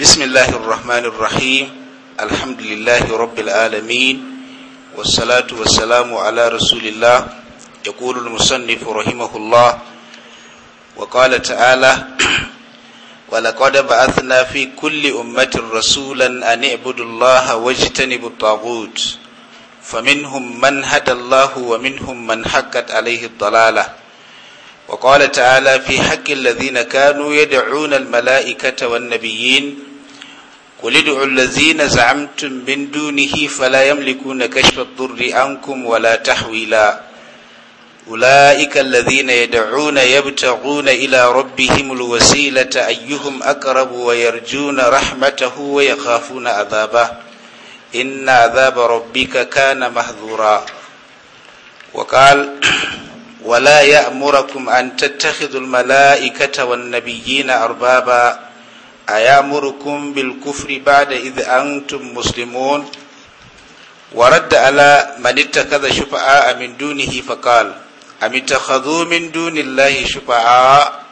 بسم الله الرحمن الرحيم الحمد لله رب العالمين والصلاة والسلام على رسول الله يقول المصنف رحمه الله وقال تعالى ولقد بعثنا في كل أمة رسولا أن اعبدوا الله واجتنبوا الطاغوت فمنهم من هدى الله ومنهم من حقت عليه الضلاله وقال تعالى في حق الذين كانوا يدعون الملائكة والنبيين قل ادعوا الذين زعمتم من دونه فلا يملكون كشف الضر عنكم ولا تحويلا أولئك الذين يدعون يبتغون إلى ربهم الوسيلة أيهم أقرب ويرجون رحمته ويخافون عذابه إن عذاب ربك كان محذورا وقال ولا يأمركم أن تتخذوا الملائكة والنبيين أربابا أيامركم بالكفر بعد إذ أنتم مسلمون ورد على من اتخذ شفعاء من دونه فقال أم اتخذوا من دون الله شفعاء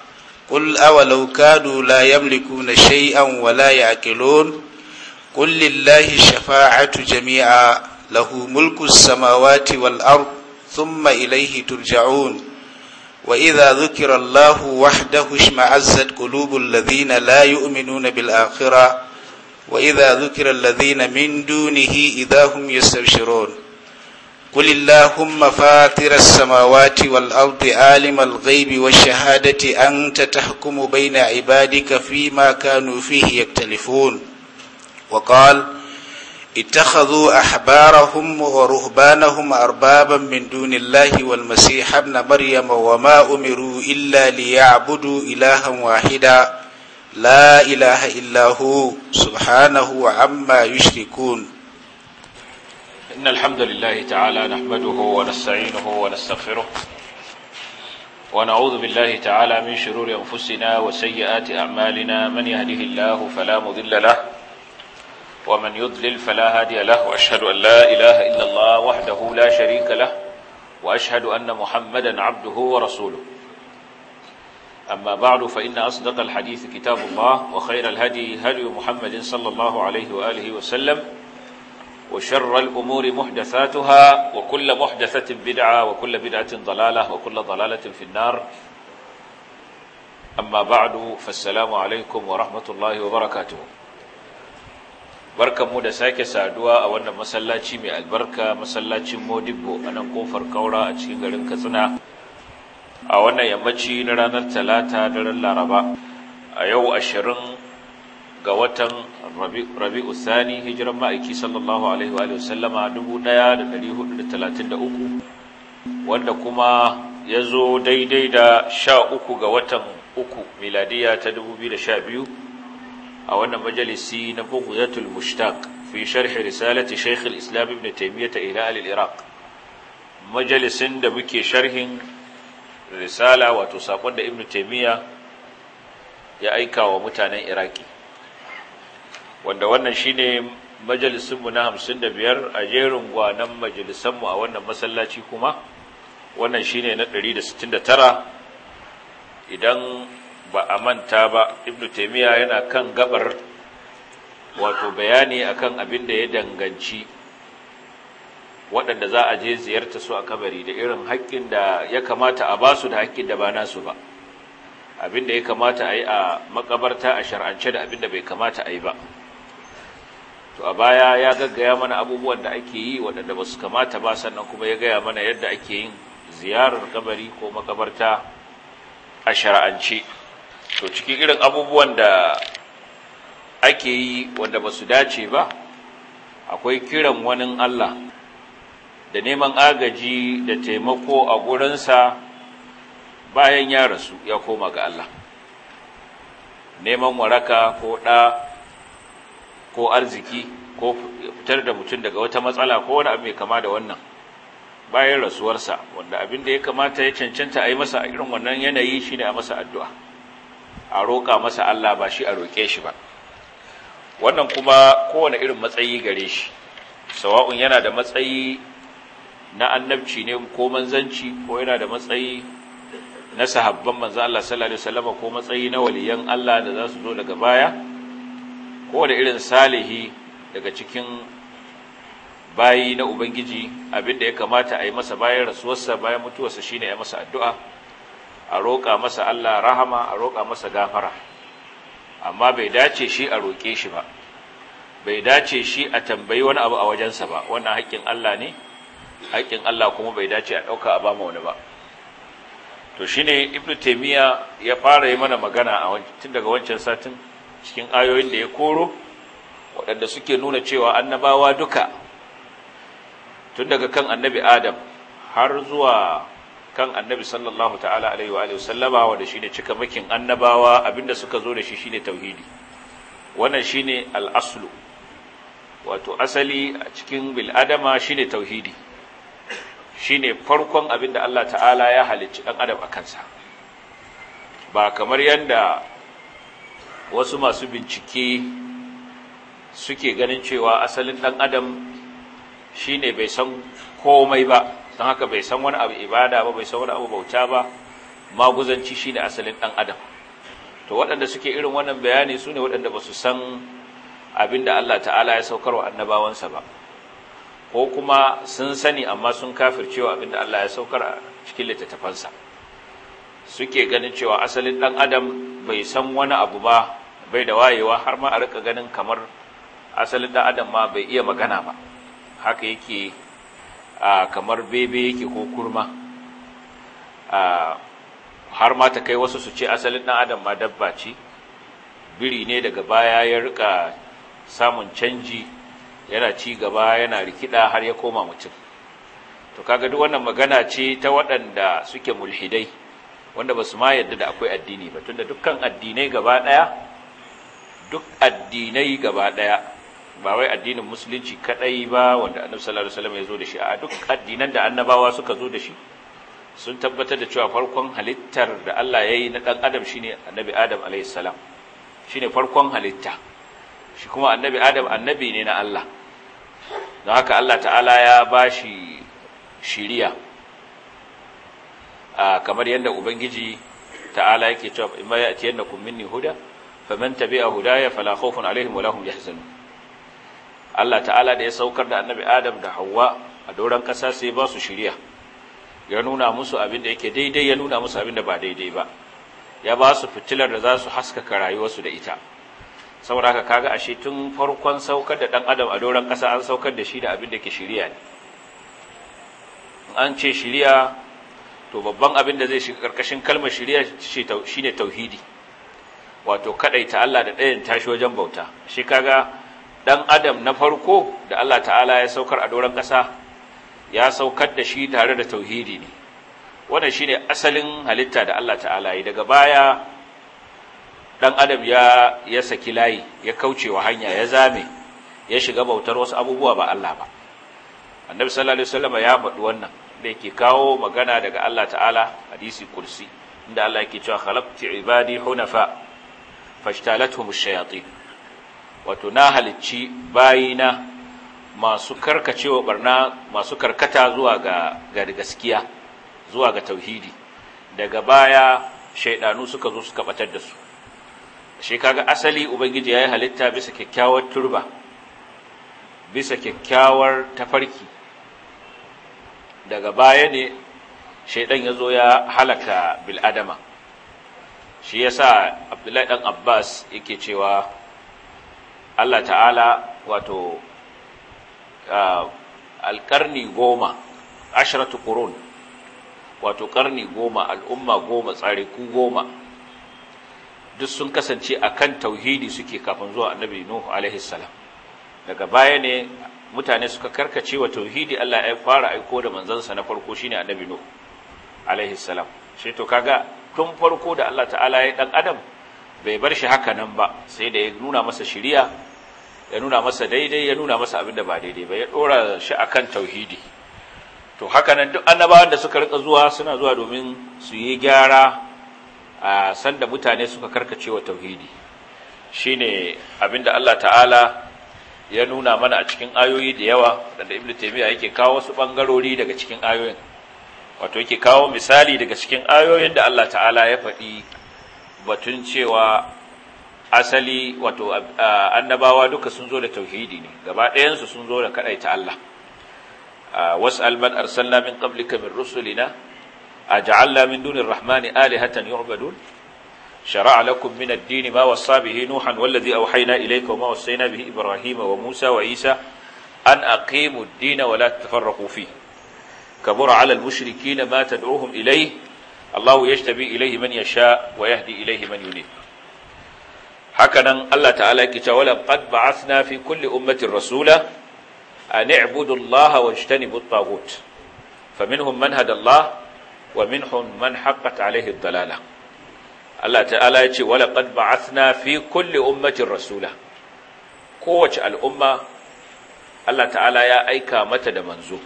قل أولو كانوا لا يملكون شيئا ولا يعقلون قل لله الشفاعة جميعا له ملك السماوات والأرض ثم إليه ترجعون وإذا ذكر الله وحده اشمعزت قلوب الذين لا يؤمنون بالآخرة وإذا ذكر الذين من دونه إذا هم يستبشرون قل اللهم فاطر السماوات والأرض عالم الغيب والشهادة أنت تحكم بين عبادك فيما كانوا فيه يختلفون وقال اتخذوا أحبارهم ورهبانهم أربابا من دون الله والمسيح ابن مريم وما أمروا إلا ليعبدوا إلها واحدا لا إله إلا هو سبحانه عما يشركون إن الحمد لله تعالى نحمده ونستعينه ونستغفره ونعوذ بالله تعالى من شرور أنفسنا وسيئات أعمالنا من يهده الله فلا مضل له ومن يضلل فلا هادي له وأشهد أن لا إله إلا الله وحده لا شريك له وأشهد أن محمدا عبده ورسوله أما بعد فإن أصدق الحديث كتاب الله وخير الهدي هدي محمد صلى الله عليه وآله وسلم وشر الأمور محدثاتها وكل محدثة بدعة وكل بدعة ضلالة وكل ضلالة في النار أما بعد فالسلام عليكم ورحمة الله وبركاته barkanmu da sake saduwa a wannan masallaci mai albarka masallacin Modibo a nan kofar kaura a cikin garin katsina a wannan yammaci na ranar talata daren laraba a yau ashirin ga watan rabi'u sani hijiran ma'aiki sallallahu alaihi wa sallama uku. wanda kuma ya zo daidai da sha uku ga watan uku miladiya ta dubu biyu da sha biyu. a wannan majalisi na bughyatul mushtaq fi sharh risalati shaykh al-islam ibn taymiyyah ila al-iraq majalisin da muke sharhin risala wato sakon da ibn taymiyyah ya aika wa mutanen iraki wanda wannan shine majalisinmu na 55 a jerin gwanan majalisanmu a wannan masallaci kuma wannan shine na 169 idan ba a manta ba ibnu taimiyya yana kan gabar wato bayani akan abin da ya danganci waɗanda za a je ziyarta su a kabari da irin haƙƙin da ya kamata a basu da haƙƙin da ba nasu ba abin da ya kamata a yi a makabarta a shar'ance da abin da bai kamata a yi ba to a baya ya gaggaya mana abubuwan da ake yi waɗanda ba su kamata ba sannan kuma ya gaya mana yadda ake yin ziyarar kabari ko makabarta a shar'ance to cikin irin abubuwan da ake yi wanda ba su dace ba akwai kiran wani Allah da neman agaji da taimako a gurinsa bayan ya rasu ya koma ga Allah neman waraka ko ɗa ko arziki ko fitar da mutum daga wata matsala ko wani abu mai kama da wannan bayan rasuwarsa wanda abin da ya kamata ya cancanta a yi masa a irin wannan yanayi shi ne a masa addu'a a roƙa masa Allah ba shi a roƙe shi ba wannan kuma kowane irin matsayi gare shi sawa'un yana da matsayi na annabci ne ko manzanci ko yana da matsayi na sahabban manzo Allah sallallahu alaihi wasallam ko matsayi na waliyan Allah da za su zo daga baya kowane irin salihi daga cikin bayi na ubangiji abinda ya kamata a yi masa bayan rasuwarsa bayan mutuwarsa shine a yi masa addu'a a roƙa masa Allah rahama a roƙa masa gafara amma bai dace shi a roƙe shi ba bai dace shi a tambayi wani abu a wajensa ba wannan haƙƙin Allah ne haƙƙin Allah kuma bai dace a ɗauka a ba wani ba to shi ne ibnu taimiyya ya fara yi mana magana a tun daga wancan satin cikin ayoyin da ya koro waɗanda suke nuna cewa annabawa duka tun daga kan annabi adam har zuwa kan annabi sallallahu ta'ala alaihi wa sallama wanda shine cika makin annabawa abinda suka zo da shi shine tauhidi wannan shine al-aslu wato asali a cikin bil adama shine tauhidi shine farkon abinda Allah ta'ala ya halicci dan adam a kansa ba kamar yanda wasu masu bincike suke ganin cewa asalin dan adam shine bai san komai ba don haka bai san wani abu ibada ba bai san wani abu bauta ba maguzanci ne asalin ɗan adam to waɗanda suke irin wannan bayani su ne waɗanda ba su san abin da Allah ta'ala ya saukar wa annabawansa ba ko kuma sun sani amma sun kafircewa abin da Allah ya saukar a cikin littattafansa suke ganin cewa asalin ɗan adam bai san wani abu ba bai da wayewa har ma a rika ganin kamar asalin ɗan adam ma bai iya magana ba haka yake Ah, kamar bebe yake ko kurma ah, har ma ta kai wasu su ce asalin ɗan adam ma dabba ce biri ne daga baya ya rika samun canji yana ci gaba yana rikida har ya koma mutum to kaga duk wannan magana ce ta waɗanda suke mulhidai wanda ba su ma yadda da akwai addini ba tunda dukkan addinai gaba ɗaya duk addinai gaba ɗaya ba wai addinin musulunci kadai ba wanda annabi sallallahu alaihi wasallam ya zo da shi a duk addinan da annabawa suka zo da shi sun tabbatar da cewa farkon halittar da Allah ya yi na dan adam shine annabi adam alaihi salam shine farkon halitta shi kuma annabi adam annabi ne na Allah don haka Allah ta'ala ya bashi shiriya kamar yadda ubangiji ta'ala yake cewa imma ya'tiyannakum minni huda faman tabi'a hudaya fala khawfun alaihim wala hum yahzanun Allah ta'ala da ya saukar da annabi Adam da Hawwa a doron ƙasa sai ba su shirya ya nuna musu abin da yake daidai ya nuna musu abin da ba daidai ba ya ba su fitilar da za su haskaka rayuwarsu da ita saboda haka kaga ashe tun farkon saukar da ɗan adam a doron kasa an saukar da shi da abin da ke shirya ne an ce shirya to babban abin da zai shiga karkashin kalmar shirya shine tauhidi wato ta Allah da ɗayan tashi wajen bauta shi kaga dan adam na farko da Allah ta'ala ya saukar a doron ƙasa ya saukar da shi tare da tauhidi ne wannan shine asalin halitta da Allah ta'ala yi daga baya dan adam ya ya saki layi ya kauce wa hanya ya zame ya shiga bautar wasu abubuwa ba Allah ba annabi sallallahu alaihi wasallam ya faɗi wannan da yake kawo magana daga Allah ta'ala hadisi kursi inda Allah yake cewa khalaqti ibadi hunafa fashtalatuhum ash-shayatin wato na halicci bayina masu karkacewa barna masu karkata zuwa ga, ga gaskiya zuwa ga tauhidi daga baya shaidanu suka zo suka batar da su shi kaga asali ubangiji ya yi halitta bisa kyakkyawar turba bisa kyakkyawar tafarki daga baya ne shaidan ya zo ya halaka bil'adama shi yasa abdullahi dan abbas yake cewa Allah ta'ala wato alƙarni goma ashiratu ƙurun wato ƙarni goma al'umma goma tsariku goma duk sun kasance a kan tauhidi suke kafin zuwa annabi nuhu alaihissalam daga baya ne mutane suka karkace wa tauhidi Allah ya fara aiko da manzansa na farko shine annabi nuhu alaihissalam shi to kaga tun farko da Allah ta'ala ya dan adam bai bar shi haka nan ba sai da ya nuna masa shiriya ya nuna masa daidai ya nuna masa abin da ba daidai ba ya dora shi akan tauhidi to haka nan duk annabawan da suka rika zuwa suna zuwa domin su yi gyara a sanda mutane suka karkace wa tauhidi shine abinda Allah ta'ala ya nuna mana a cikin ayoyi da yawa wanda Ibn Taymiyyah yake kawo wasu bangarori daga cikin ayoyin wato yake kawo misali daga cikin ayoyin da Allah ta'ala ya faɗi batun cewa asali wato annabawa duka sun zo da tauhidi ne gaba ɗayansu sun zo da kaɗaita Allah wasu man arsalna min qablika min rusulina aj'alna min dunin rahmani alihatan yu'badun shar'a lakum min ad ma wassa bihi nuhan wallazi auhayna ilayka wa ma wassayna bihi ibrahima wa musa wa isa an aqimu ad-din wa la tatafarraqu fihi kabura 'ala al-mushrikeena ma tad'uuhum ilayhi Allahu yashtabi ilaihi man yasha wa yahdi ilaihi man yunib hakanan Allah ta'ala yake cewa wala qad ba'athna fi kulli ummatin rasula an i'budu Allah wa ijtanibu at-taghut faminhum man hada Allah wa minhum man haqqat alaihi ad-dalalah Allah ta'ala ya ce wala qad ba'athna fi kulli ummatin rasula kowace al'umma Allah ta'ala ya aika mata da manzo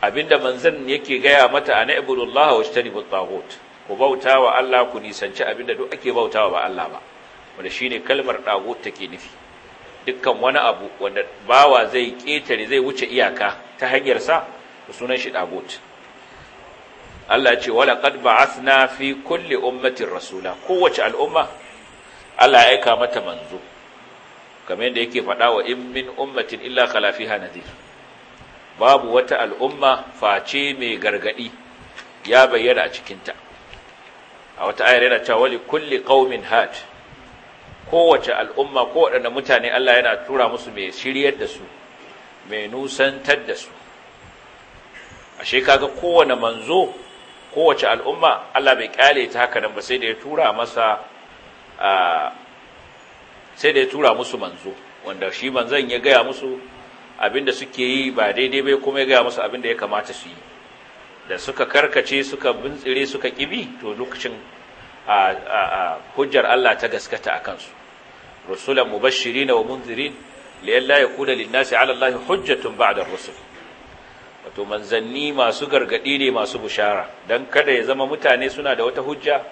abinda manzan yake gaya mata ana ibudullah wa tajtanibu taghut ku bauta wa Allah ku nisanci abinda duk ake bautawa ba Allah ba wanda shine kalmar taghut take nufi dukkan wani abu wanda bawa zai ketare zai wuce iyaka ta hanyar sa sunan shi taghut Allah ce wala qad ba'athna fi kulli ummatin rasula kowace al'umma Allah ya aika mata manzo kamar yadda yake faɗa wa in min ummatin illa khala fiha nadhir babu wata al'umma face mai gargadi ya bayyana a cikinta a wata ayar yana cewa wali kulli qaumin had kowace al'umma ko waɗanda mutane Allah yana tura musu mai shiryar da su mai nusantar da su ashe kaga kowane manzo kowace al'umma Allah bai kyale ta haka nan ba sai da ya tura masa ah, sai da ya tura musu manzo wanda shi manzon ya gaya musu Abin da suke yi ba daidai bai kuma ya gaya musu abinda ya kamata su yi da suka karkace suka bintsire suka kibi to lokacin hujjar Allah ta gaskata akan su rusulan mubashirin wa munzirin liyalla yakuna lin-nasi 'ala allahi hujjatun ba'da ar-rusul wato manzanni masu gargadi ne masu bushara dan kada ya zama mutane suna da wata hujja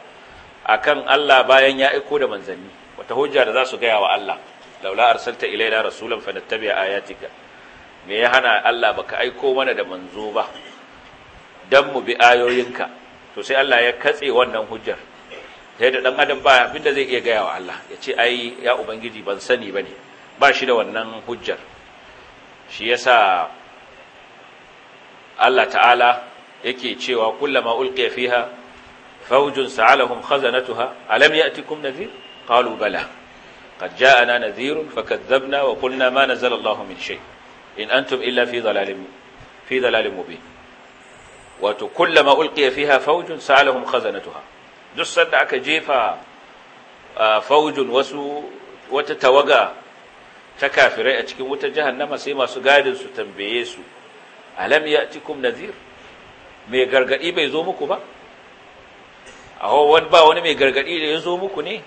akan Allah bayan ya aiko da manzanni wata hujja da za su gaya wa Allah laula arsalta ilaina rasulan fanattabi ayatika me ya hana Allah baka aiko mana da manzo ba dan mu bi ayoyinka to sai Allah ya katse wannan hujjar sai da dan adam ba abinda zai iya gaya wa Allah ya ce ai ya ubangiji ban sani bane ba shi da wannan hujjar shi yasa Allah ta'ala yake cewa kullama ulqiya fiha fawjun sa'alahum khazanatuha alam ya'tikum nadhir qalu bala قد fa نذير فكذبنا wa ما نزل الله min shai. in antum illa fi dhalalin fi dhalalin mubin wato kullama ulqiya fiha fawjun sa'alahum khazanatuha duk sanda aka jefa fawjun wasu wata tawaga ta kafirai a cikin wutar jahannama sai masu gadin su tambaye su alam ya'tikum nadhir mai gargadi bai zo muku ba a wani ba wani mai gargadi da ya zo muku ne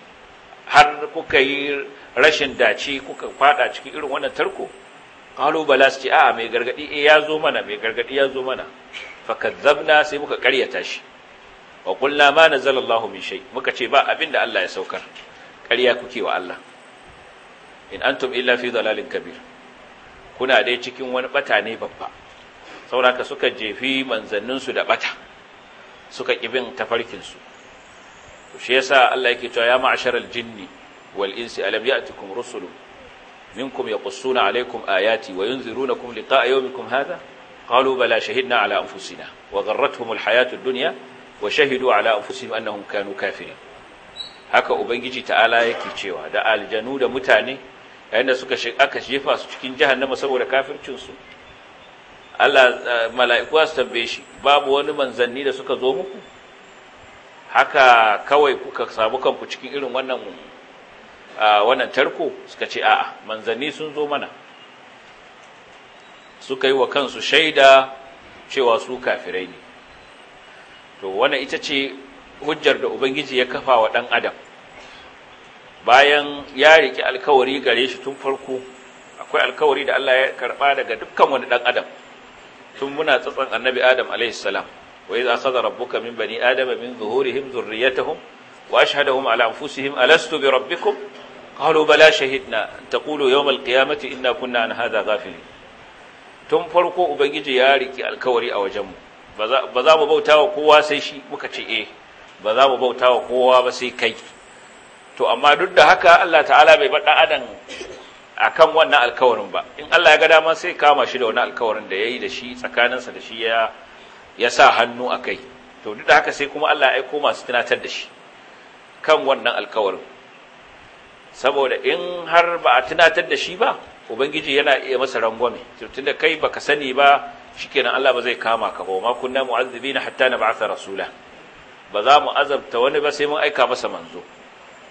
har kuka yi rashin dace kuka fada cikin irin wannan tarko qalu bala su ce a mai gargadi e eh, ya zo mana mai gargadi ya zo mana fakadzabna sai muka karyata shi wa qulna ma nazalallahu min shay muka ce ba abinda Allah ya saukar ƙarya kuke wa Allah in antum illa fi dalalin kabir kuna dai cikin wani bata ne babba sauraka suka jefi manzanninsu da bata suka kibin tafarkinsu shi yasa Allah yake cewa ya ma'asharal jinni wal insi alam ya'tikum rusulun minkum yaqussuna alaykum ayati wa yunzirunakum liqa'a yawmikum hadha qalu bala shahidna ala anfusina wa gharratuhum alhayatu duniya wa shahidu ala anfusihim annahum kanu kafirin haka ubangiji ta'ala yake cewa da aljanu da mutane yayin da suka aka jefa su cikin jahannama saboda kafircin su mala'iku su tambaye shi babu wani manzanni da suka zo muku haka kawai kuka samu kanku cikin irin wannan wannan tarko suka ce a'a manzanni sun zo mana suka yi wa kansu shaida cewa su kafirai ne to wannan ita ce hujjar da ubangiji ya kafa wa ɗan adam bayan ya riki alkawari gare shi tun farko akwai alkawari da Allah ya karba daga dukkan wani ɗan adam tun muna tsatsan annabi adam alaihi salam wa idza akhadha rabbuka min bani adama min zuhurihim dhurriyyatahum wa ashhadahum ala anfusihim alastu bi rabbikum qalu bala shahidna taqulu yawm alqiyamati inna kunna an hadha ghafilin tun farko ubangiji ya riki alkawari a wajenmu ba za mu bautawa kowa sai shi muka ce eh ba za mu bautawa kowa ba sai kai to amma duk da haka Allah ta'ala bai bada adam akan wannan alkawarin ba in Allah ya ga dama sai kama shi da wannan alkawarin da yayi da shi tsakaninsa da shi ya ya sa hannu akai to duk da haka sai kuma Allah ya aiko masu tunatar da shi kan wannan alkawarin saboda in har ba a tunatar da shi ba ubangiji yana iya masa rangwame da kai baka sani ba shikenan Allah ba zai kama ka ba ma kunna mu'azzibina hatta nab'atha rasula ba za mu azabta wani ba sai mun aika masa manzo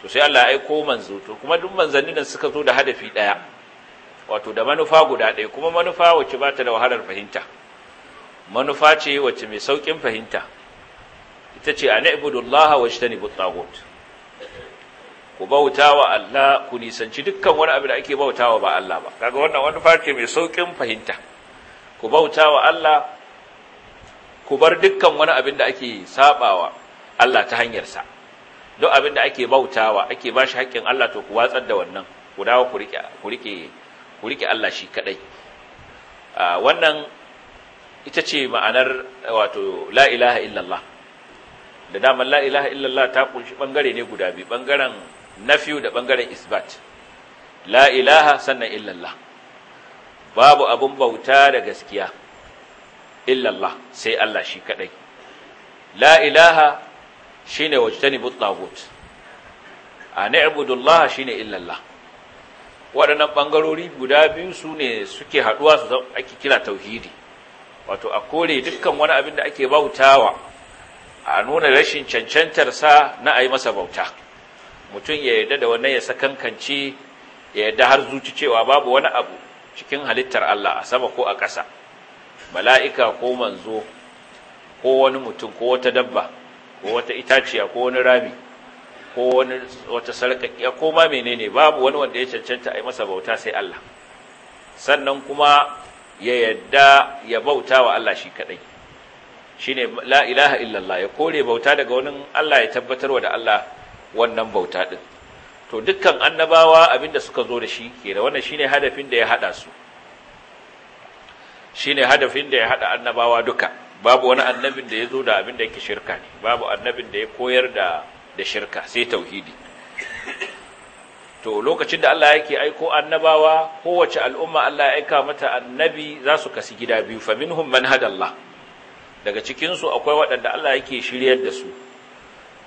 to sai Allah ya aiko manzo to kuma duk manzannin nan suka zo da hadafi daya wato da manufa guda ɗaya kuma manufa wacce ba ta da wahalar fahimta manufa ce wacce mai saukin fahimta ita ce ana ibudullaha wa shi ta nibu tsagot ku bauta wa Allah ku nisanci dukkan wani abu da ake bauta wa ba Allah ba kaga wannan wani farce mai saukin fahimta ku bauta wa Allah ku bar dukkan wani abin da ake sabawa Allah ta hanyarsa duk abin da ake bautawa ake bashi haƙƙin Allah to ku watsar da wannan ku dawo ku rike ku rike ku rike Allah shi kadai wannan ita ce ma'anar wato la ilaha illallah da dama la ilaha illallah ta kunshi bangare ne guda biyu bangaren nafiyu da bangaren isbat la ilaha sannan illallah babu abun bauta da gaskiya illallah sai Allah shi kadai la ilaha shine wajtanibut tagut a ni'budullah shine illallah waɗannan bangarori guda biyu su ne suke haɗuwa su ake kira tauhidi wato a kore dukkan wani abin da ake bautawa a nuna rashin cancantar sa na a yi masa bauta mutum ya yarda da wannan ya sakankanci ya yarda har zuci cewa babu wani abu cikin halittar Allah a sama ko a ƙasa mala'ika ko manzo ko wani mutum ko wata dabba ko wata itaciya ko wani rami ko wani wata sarƙaƙiya ko ma menene babu wani wanda ya cancanta a yi masa bauta sai Allah sannan kuma ya yarda ya bauta wa Allah shi kaɗai shi ne la ilaha illallah ya kore bauta daga wani Allah ya tabbatarwa da Allah wannan bauta din to dukkan annabawa abinda suka zo da shi da wannan shine hadafin da ya hada su shine hadafin da ya hada annabawa duka babu wani annabin da ya zo da abinda yake shirka ne babu annabin da ya koyar da da shirka sai tauhidi to lokacin da Allah yake aiko annabawa kowace al'umma Allah ya aika mata annabi za su kasi gida biyu fa minhum man hadallah daga cikin su akwai waɗanda Allah yake shiryar da su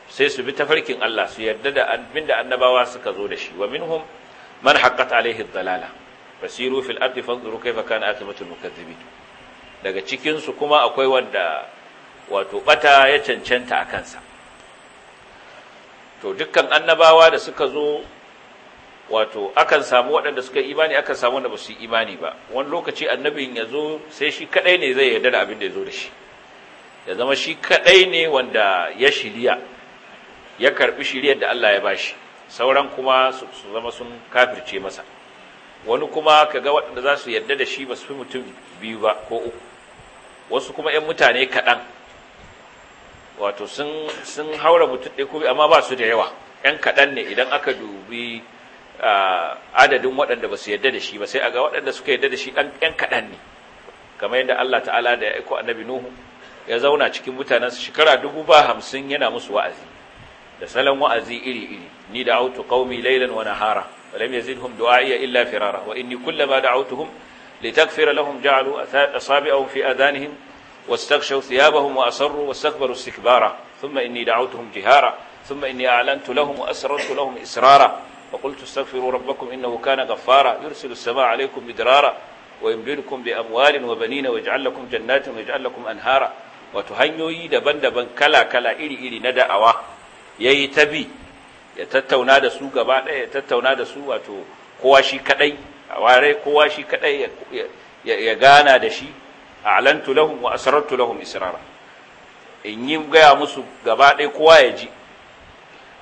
sai su bi tafarkin Allah su yarda da abinda annabawa suka zo da shi wa minhum man haqqat alaihi dalala fasiru fil ardi fanzuru kayfa kana aqibatul mukaththibin daga cikin su kuma akwai wanda wato bata ya cancanta a kansa to dukkan annabawa da suka zo wato akan samu waɗanda suka yi imani akan samu wanda ba su yi imani ba wani lokaci annabin ya zo sai shi kaɗai ne zai yarda da abin da ya zo da shi ya zama shi kaɗai ne wanda ya shirya ya karbi shiriyar da Allah ya bashi sauran kuma su zama sun kafirce masa wani kuma kaga waɗanda za su yarda da shi ba su fi mutum biyu ba ko uku wasu kuma 'yan mutane kaɗan wato sun haura mutum ɗaya kuma amma ba su da yawa 'yan kaɗan ne idan aka dubi adadin waɗanda ba su yarda da shi ba sai a ga waɗanda suka yarda da shi ɗan kaɗan ne kamar yadda Allah ta'ala da ya aiko annabi Nuhu ya zauna cikin mutanensa shekara dubu ba hamsin yana musu wa'azi da salon wa'azi iri-iri ni da autu kaumi lailan wa nahara walam du'a du'ai illa firara wa inni kullama da'awtuhum litaghfira lahum ja'alu asabi'ahum fi adanihim wastaghshaw thiyabahum wa asarru wastakbaru istikbara thumma inni da'awtuhum jihara thumma inni a'lantu lahum wa asrartu lahum israra wa qultu astaghfiru rabbakum innahu kana ghaffara yursilu as-sama'a 'alaykum midrara wa yumdidukum bi amwalin wa banina wa yaj'al lakum jannatin wa yaj'al lakum anhara wa hanyoyi daban-daban kala-kala iri-iri na da'awa ya yi ta bi ya tattauna da su gaba ɗaya ya tattauna da su wato kowa shi kaɗai a ware kowa shi kaɗai ya gana da shi a alantu lahum wa asarartu lahum israra in yi gaya musu gaba ɗaya kowa ya ji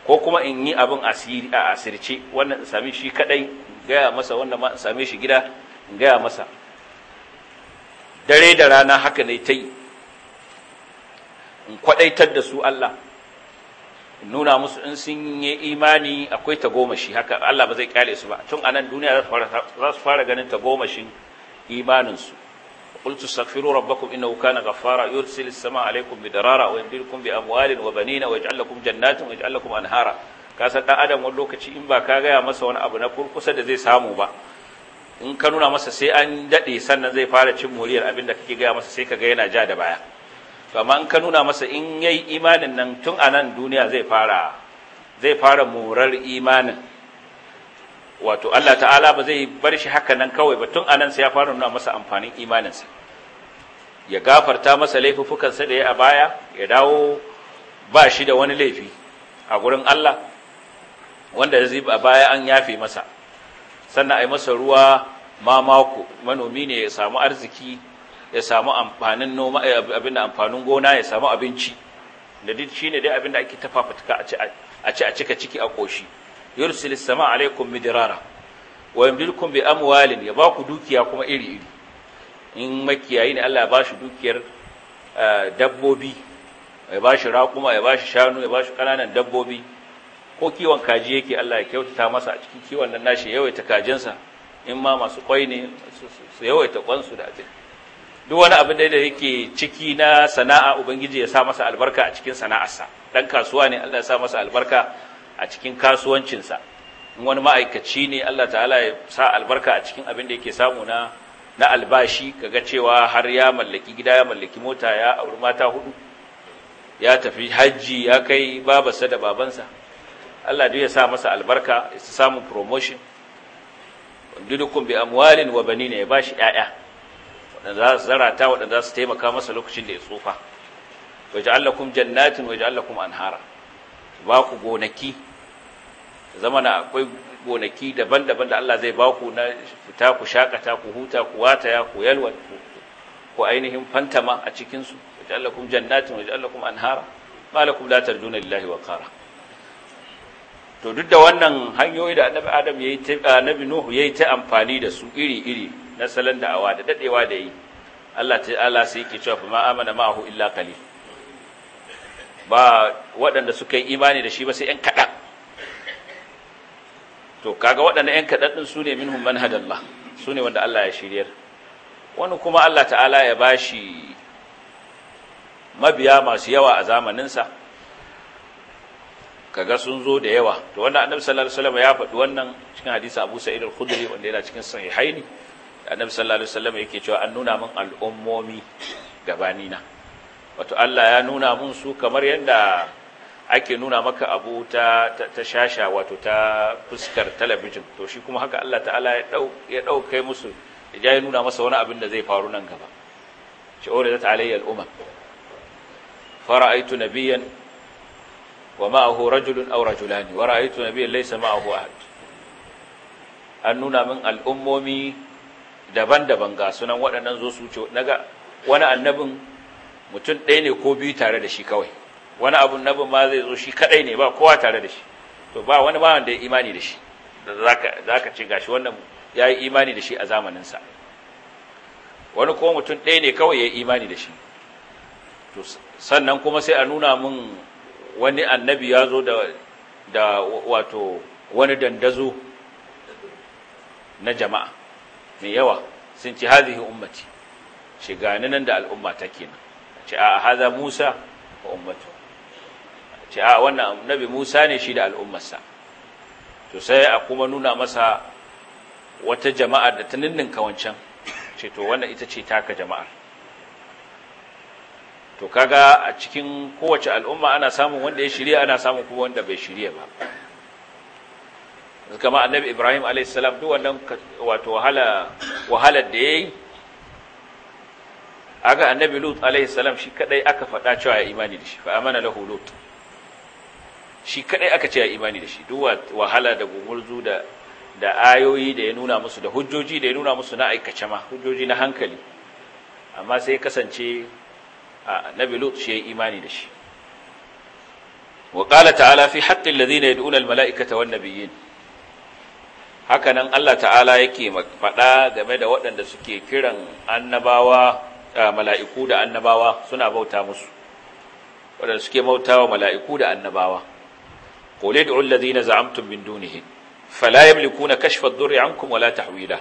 ko kuma in yi abin a asirce wannan in sami shi kaɗai gaya masa wannan ma in same shi gida in gaya masa dare da rana haka ne ta yi in kwaɗaitar da su Allah nuna musu in sun yi imani akwai tagomashi haka Allah ba zai kyale su ba tun anan duniya za su fara ganin tagomashin imaninsu قلت استغفروا ربكم انه كان غفارا يرسل السماء عليكم بدرارا ويمددكم باموال وبنين ويجعل لكم جنات ويجعل لكم انهارا kasan dan adam wani lokaci in ba ka gaya masa wani abu na kurkusa da zai samu ba in ka nuna masa sai an dade sannan zai fara cin moriyar abin da kake gaya masa sai ka ga yana ja da baya amma in ka nuna masa in yayi imanin nan tun a nan duniya zai fara zai fara morar imanin wato Allah ta'ala ba zai bar shi haka nan kawai ba tun a nan sai ya fara nuna masa amfanin imaninsa ya gafarta masa sa da ya a baya ya dawo ba shi da wani laifi a gurin Allah wanda zai a baya an yafe masa sannan a yi masa ruwa ma manomi ne ya samu arziki ya samu amfanin noma eh, abin da amfanin gona ya samu abinci da duk shine dai abin da ake tafafutuka a ci a cika ciki a koshi yursil sama alaikum midrara wa yamdilkum bi amwalin ya baku dukiya kuma iri iri in makiyayi ne Allah ya bashi dukiyar eh, dabbobi ya bashi raƙuma ya bashi shanu ya bashi kananan dabbobi ko kiwon kaji yake Allah ya kyautata masa a cikin kiwon nan nashi yawaita kajinsa in ma masu kwai ne su yawaita kwansu da abin duk wani abin da yake ciki na sana'a ubangiji ya sa masa albarka a cikin sana'arsa dan kasuwa ne Allah ya sa masa albarka a cikin kasuwancinsa in wani ma'aikaci ne Allah ta'ala ya sa albarka a cikin abin da yake samu na na albashi kaga cewa har ya mallaki gida ya mallaki mota ya auri mata hudu ya tafi hajji ya kai babarsa da babansa Allah duk ya sa masa albarka ya samu promotion dudukum bi amwalin wa banina ya bashi 'ya'ya. waɗanda za su zarata waɗanda za su taimaka masa lokacin da ya tsufa waje allakum jannatin waje allakum anhara ba ku gonaki zama na akwai gonaki daban-daban da Allah zai ba ku na fita ku shakata ku huta ku wataya ku yalwa ku ainihin fantama a cikinsu waje allakum jannatin waje allakum anhara ba lakum la tarjuna lillahi wa qara to duk da wannan hanyoyi da annabi adam yayi ta annabi nuhu yayi ta amfani da su iri-iri na salon da'awa da dadewa da yi Allah ta'ala sai yake cewa ma amana ma'ahu illa qalil ba waɗanda suka yi imani da shi ba sai ‘yan kaɗan to kaga waɗanda ‘yan kaɗan ɗin su ne min humman hadalla su ne wanda Allah ya shiryar wani kuma Allah ta'ala ya bashi mabiya masu yawa a zamaninsa kaga sun zo da yawa to wanda annabi sallallahu alaihi wasallam ya faɗi wannan cikin hadisi Abu Sa'id al-Khudri wanda yana cikin sahihaini annabi sallallahu alaihi wasallam yake cewa an nuna min al'ummomi gabani na wato Allah ya nuna mun su kamar yadda ake nuna maka abu ta ta shasha wato ta fuskar talabijin to shi kuma haka Allah ta'ala ya dau ya dauke musu ya nuna masa wani abin da zai faru nan gaba shi'ura ta alayya al'umma fara'aitu nabiyyan wa ma'ahu rajulun aw rajulani wa ra'aitu nabiyyan laysa ma'ahu ahad an nuna min al'ummomi daban-daban ga sunan waɗannan zo su ce daga wani annabin mutum ɗaya ne ko biyu tare da shi kawai wani abu nabin ma zai zo shi kaɗai ne ba kowa tare da shi to ba wani bawan da ya imani da shi da za ka ce gashi wannan ya yi imani da shi a zamaninsa wani kuma mutum ɗaya ne kawai ya yi imani da shi to sannan kuma sai a nuna min wani annabi ya zo da da wato wani dandazo na jama'a mai yawa sun ce hadhihi ummati shiga nan da al'umma ta kenan ce a hadha Musa wa ummatu ce a wannan annabi Musa ne shi da al'ummarsa to sai a kuma nuna masa wata jama'a da ta ninninka wancan ce to wannan ita ce taka jama'a to kaga a cikin kowace al'umma ana samun wanda ya shirya ana samun kuma wanda bai shirya ba kama annabi ibrahim alaihissalam duk wannan wato wahala wahalar da yayi aga annabi lut alaihissalam shi kadai aka faɗa cewa ya imani da shi fa amana lahu lut shi kadai aka ce ya imani da shi duk wahala da gumurzu da da ayoyi da ya nuna musu da hujjoji da ya nuna musu na aikace ma hujjoji na hankali amma sai kasance a annabi lut shi ya imani da shi وقال تعالى في حق الذين يدعون الملائكة والنبيين hakanan Allah ta'ala yake faɗa game da waɗanda suke kiran annabawa eh, mala'iku da annabawa suna bauta musu waɗanda suke wa mala'iku da annabawa qul ud'u alladhina za'amtum min dunihi fala yamlikuna kashfa ad-durri 'ankum wala tahwila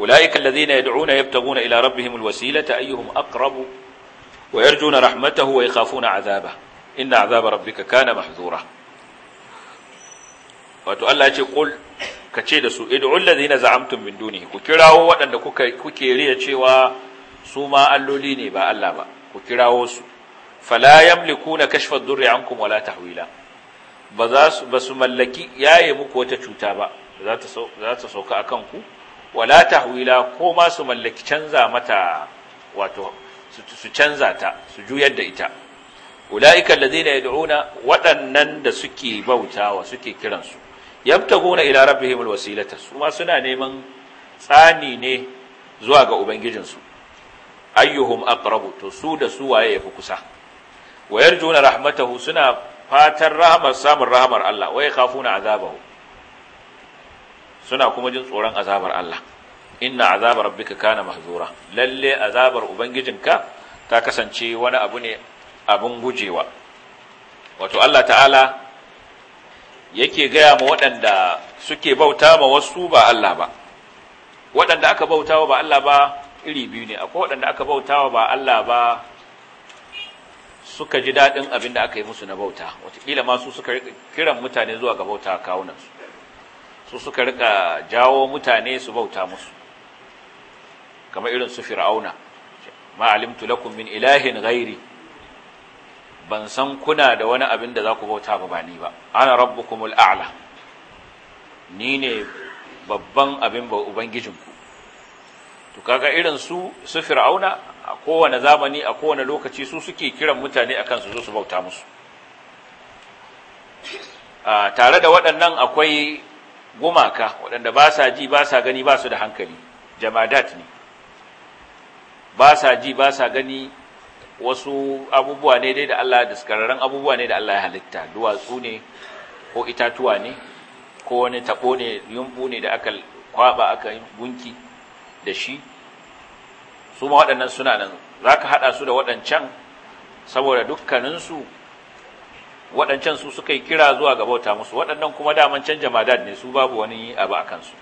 ya alladhina yad'una yabtaghuna ila rabbihim al-wasilata ayyuhum aqrabu wa yarjuna rahmatahu wa yakhafuna azaba. inna 'adhaba rabbika kana mahzura. wato Allah ya ce qul ka ce da su id'ul ladina za'amtum min dunihi ku kirawo waɗanda kuka kuke riya cewa su ma alloli ne ba Allah ba ku kirawo su fala yamlikuna kashfa ad-durri ankum wala tahwila ba za su ba su mallaki yaye muku wata cuta ba za ta za ta sauka akan ku wala tahwila ko ma su mallaki canza mata wato su canza ta su juyar da ita ula'ika alladhina yad'una waɗannan da suke bautawa suke kiransu yabtaguna ila rabbihimul wasilata su ma suna neman tsani ne zuwa ga ubangijinsu ayyuhum aqrabu to su da su waye yafi kusa wa yarjuna rahmatahu suna fatan rahmar samun rahmar Allah waye yakhafuna azabahu suna kuma jin tsoron azabar Allah inna azabar rabbika kana mahzura lalle azabar ubangijinka ta kasance wani abu ne abun gujewa wato Allah ta'ala yake gaya ma waɗanda suke bauta ma wasu ba Allah ba waɗanda aka bauta ba Allah ba iri biyu ne akwai waɗanda aka bautawa ba Allah ba suka ji daɗin abin da aka yi musu na bauta watakila ma su suka kiran mutane zuwa ga bauta kawunansu su suka rika jawo mutane su bauta musu kamar irin su fir'auna ma'alimtu lakum min ilahin ghairi ban san kuna da wani abin da za ku bauta ba ni ba ana rabbukumul a'la ni ne babban abin ba ubangijinku to kaga irin su su fir'auna a kowane zamani a kowane lokaci su suke kiran mutane akan su zo su bauta musu a tare da waɗannan akwai gumaka waɗanda ba sa ji ba sa gani ba su da hankali jamadat ne ba sa ji ba sa gani wasu abubuwa ne dai da Allah daskararren abubuwa ne da Allah ya halitta duwatsu ne ko itatuwa ne ko wani tabo ne yumbu ne da aka kwaba aka gunki da shi su ma waɗannan suna nan za ka haɗa su da waɗancan saboda dukkaninsu waɗancan su suka yi kira zuwa ga bauta musu waɗannan kuma daman canja madad ne su babu wani abu a kansu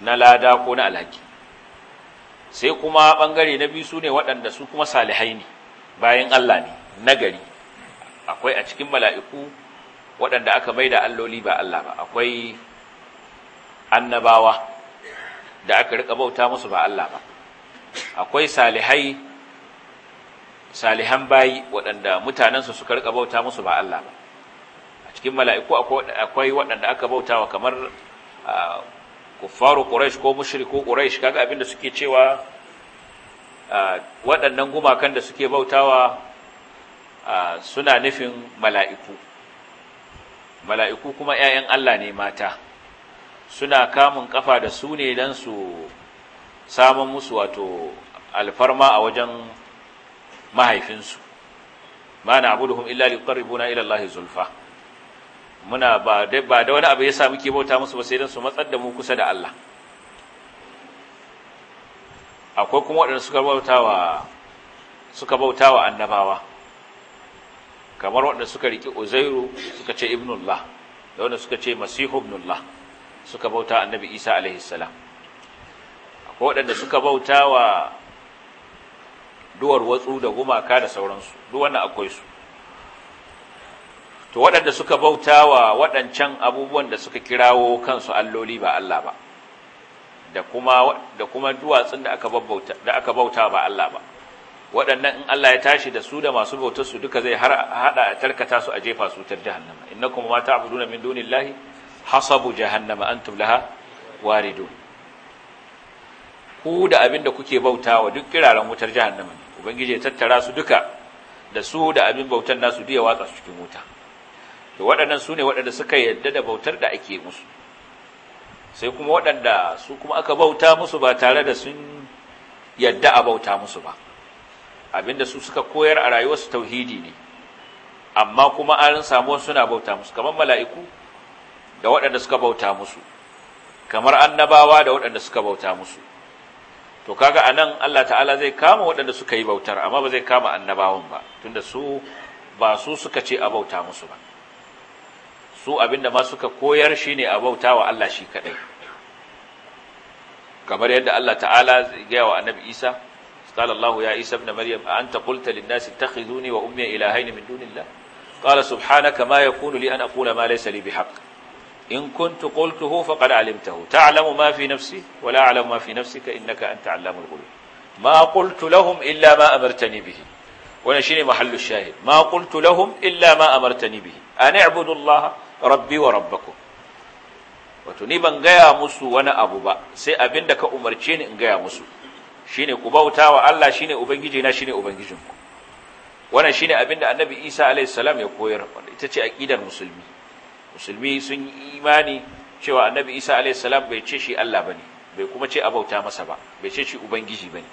na lada ko na alhaki sai kuma bangare na biyu sune waɗanda su kuma salihai ne bayan Allah ne nagari akwai a cikin mala'iku waɗanda aka maida alloli ba Allah ba akwai annabawa da aka rika bauta musu ba Allah ba akwai salihai salihan bayi waɗanda mutanensu suka rika bauta musu ba Allah ba a cikin mala'iku akwai waɗanda aka bautawa kamar ah, kuffaru quraish ko mushriku quraish kaga abinda suke cewa waɗannan gumakan da suke bautawa suna nufin mala'iku mala'iku kuma ‘ya'yan Allah ne mata suna kamun kafa da su ne don su samun musu wato alfarma a wajen mahaifinsu ma na abuduhum illa liqarribuna ila Allah zulfa muna ba da wani abu ya sa muke bauta musu ba sai don su matsar da mu kusa da Allah akwai kuma waɗanda suka bauta wa suka bauta wa annabawa kamar waɗanda suka riki uzairu suka ce ibnullah da wanda suka ce masihu ibnullah suka bauta annabi isa alaihi salam akwai waɗanda suka bauta wa duwar watsu da gumaka da sauransu duk wannan akwai su to waɗanda suka bauta wa waɗancan abubuwan da suka kirawo kansu alloli ba Allah ba da kuma duwatsun da aka bauta ba Allah ba waɗannan in Allah ya tashi da su da masu bautar su duka zai haɗa a tarkata su a jefa su ta jahannama innakum ma ta'buduna min dunillahi hasabu jahannama antum laha waridun ku da abin da kuke wa duk kiraran wutar jahannama ne ya tattara su duka da su da abin bautar nasu duk ya watsa su cikin wuta to waɗannan su ne waɗanda suka yadda da bautar da ake musu sai kuma waɗanda su kuma aka bauta musu ba tare da sun yadda a bauta musu ba abinda su suka koyar a rayuwarsu tauhidi ne amma kuma an samu suna bauta musu kamar mala'iku da waɗanda suka bauta musu kamar annabawa da waɗanda suka bauta musu to kaga anan Allah ta'ala zai kama waɗanda suka yi bautar amma ba zai kama annabawan ba tunda su ba su suka ce a bauta musu ba su abinda ma suka koyar shine a bautawa Allah shi kadai kamar yadda Allah ta'ala gaya wa annabi Isa qala Allah ya Isa ibn Maryam a anta qulta lin nasi takhizuni wa ummi ilahayn min dunillah qala subhanaka ma yakunu li an aqula ma laysa li in kuntu qultuhu faqad alimtahu ta'lamu ma fi nafsi wa la ma fi nafsika innaka anta 'allamul ghuyub ma qultu lahum illa ma amartani bihi wannan shine mahallu shahid ma kultu lahum illa ma amartani bihi rabbi wa rabbakum wato ni ban gaya musu wani abu ba sai abin da ka umarce ni in gaya musu shine ku bauta wa Allah shine ubangiji na shine ku. wannan shine abin da annabi Isa alaihi salam ya koyar ita ce aqidar musulmi musulmi sun yi imani cewa annabi Isa alaihi salam bai ce shi Allah bane bai kuma ce abauta masa ba bai ce shi ubangiji bane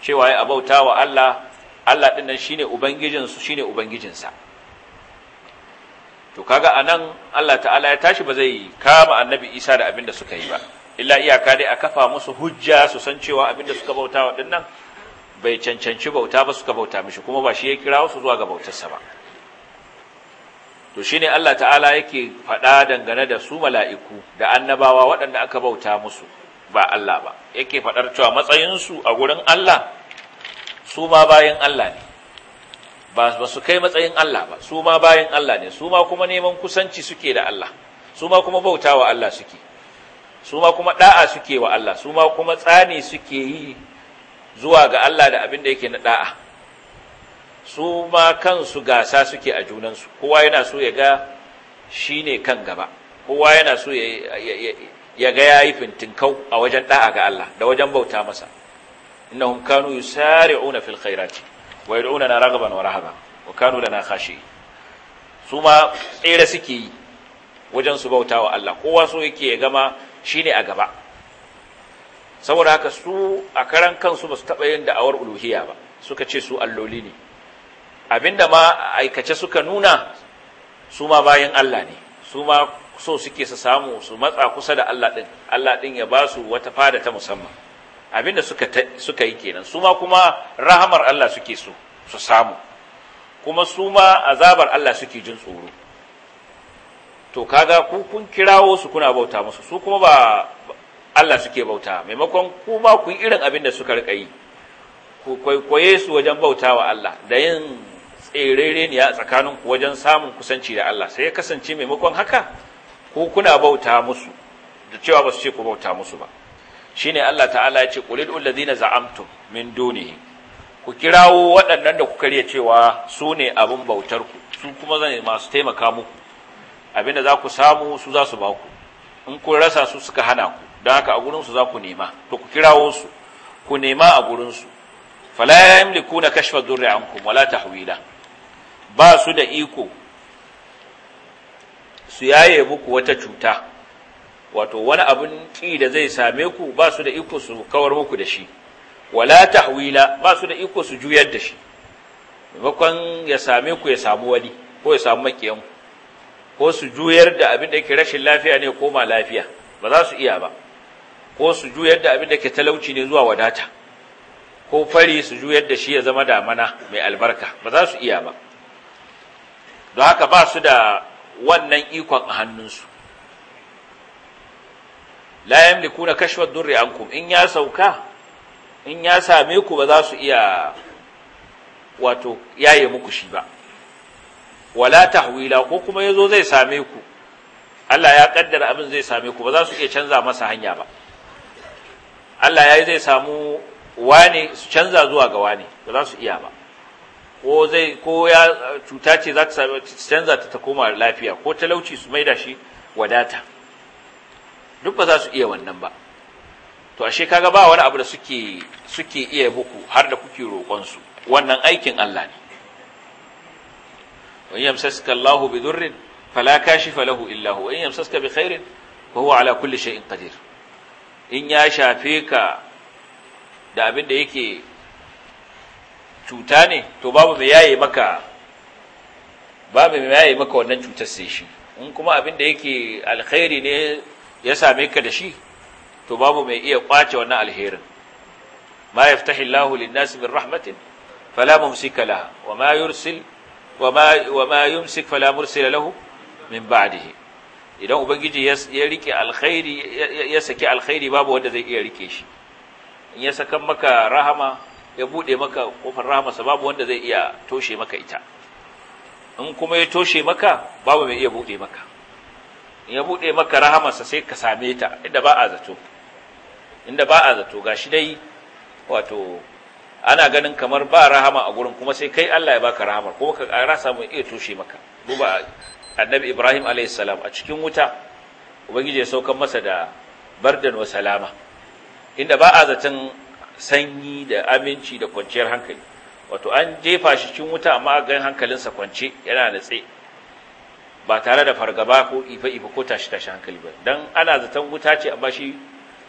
cewa ya abauta wa Allah Allah din nan shine su shine ubangijinsa to kaga anan Allah ta'ala ya tashi ba zai kama annabi Isa da abin da suka yi ba illa iyaka dai a kafa musu hujja su san cewa abin da suka bauta wa dinnan bai cancanci bauta ba suka bauta mishi kuma ba shi ya kira su zuwa ga bautarsa ba to shine Allah ta'ala yake faɗa dangane da su mala'iku da annabawa waɗanda aka bauta musu ba Allah ba yake faɗar cewa matsayinsu a gurin Allah su ma bayan Allah ne ba su kai matsayin Allah ba su ma bayan Allah ne su ma kuma neman kusanci suke da Allah su ma kuma bauta wa Allah suke su ma kuma da'a suke wa Allah su ma kuma tsani suke yi zuwa ga Allah da abin da yake na ɗa'a. su ma kansu gasa suke a junansu kowa yana so ya ga shi ne kan gaba kowa yana so ya ga ya yi fintinkau a wajen ɗa'a ga Allah da wajen bauta masa innahum kanu yusari'una fil khairati wa yad'una na ragaban wa rahaban wa kanu na kashe. su ma tsere suke yi wajen su bauta wa Allah kowa so yake ya gama ne a gaba saboda haka su a karan kansu ba su taɓa yin da'awar uluhiya ba suka ce su alloli ne abinda ma aikace suka nuna su ma bayan Allah ne su ma so suke su samu su matsa kusa da Allah ɗin Allah ɗin ya ba su wata fada ta musamman abinda suka suka yi kenan su ma kuma rahamar Allah suke so su samu kuma su ma azabar Allah suke jin tsoro to kaga ku kun kirawo su kuna bauta musu su kuma ba Allah suke bauta maimakon ku ma ku irin abinda suka rika yi ku kwaikwaye su wajen bauta wa Allah da yin tserereniya tsakanin ku wajen samun kusanci da Allah sai ya kasance maimakon haka ku kuna bauta musu da cewa ba su ce ku bauta musu ba shine Allah ta'ala ya ce qulil allazina za'amtum min dunihi ku kirawo waɗannan da kuka riya cewa su ne abin bautar ku su kuma zan masu taimaka muku abinda za ku samu su za su ba ku in kun rasa su suka hana ku don haka a gurin su za ku nema to ku kirawo su ku nema a gurin su fala na kashfa dhurri ankum wala tahwila ba su da iko su yaye muku wata cuta wato wani abin ci da zai same ku ba su da iko su kawar muku da shi wala tahwila ba su da iko su juyar da shi maimakon ya same ku ya samu wani ko ya samu makiyan ko su juyar da abin da yake rashin lafiya ne ko ma lafiya ba za su iya ba ko su juyar da abin da ke talauci ne zuwa wadata ko fari su juyar da shi ya zama damana mai albarka ba za su iya ba don haka ba su da wannan ikon a hannunsu la yamlikuna kashfa durri ankum in ya sauka in ya same ku ba za su iya wato yaye muku shi ba wala tahwila ko kuma yazo zai same ku Allah ya kaddara abin zai same ku ba za su iya canza masa hanya ba Allah ya yi zai samu wane su canza zuwa ga wane ba za su iya ba ko zai ko ya cuta ce za ta canza ta ta koma lafiya ko talauci su maida shi wadata duk ba za su iya wannan ba to ashe kaga ba wani abu da suke suke iya muku har da kuke roƙon su wannan aikin Allah ne wa yamsaska Allahu bi durrin fala kashifa lahu illa huwa in yamsaska bi khairin fa huwa ala kulli shay'in qadir in ya shafe ka da abin da yake cuta ne to babu mai yaye maka babu mai yaye maka wannan cutar sai shi in kuma abin da yake alkhairi ne ya same ka da shi to babu mai iya kwace wannan alherin ma yaftahi Allahu lin-nasi min rahmatin fala mumsika laha yursil yumsik fala mursila lahu min ba'dihi idan ubangiji ya rike alkhairi ya saki alkhairi babu wanda zai iya rike shi in ya saka maka rahama ya bude maka kofar rahama sa babu wanda zai iya toshe maka ita in kuma ya toshe maka babu mai iya bude maka ya buɗe maka rahamarsa sai ka same ta inda ba a zato inda ba a zato gashi dai wato ana ganin kamar ba rahama a gurin kuma sai kai Allah ya baka rahamar kuma ka ƙara samu iya tushe maka duba annabi Ibrahim alayhi salam a cikin wuta ubangiji ya saukar masa da bardan wa salama inda ba a zaton sanyi da aminci da kwanciyar hankali wato an jefa shi cikin wuta amma a ganin hankalinsa kwance yana natse ba tare da fargaba ko ife-ife ko tashi-tashi hankali ba don ana zaton wuta ce amma shi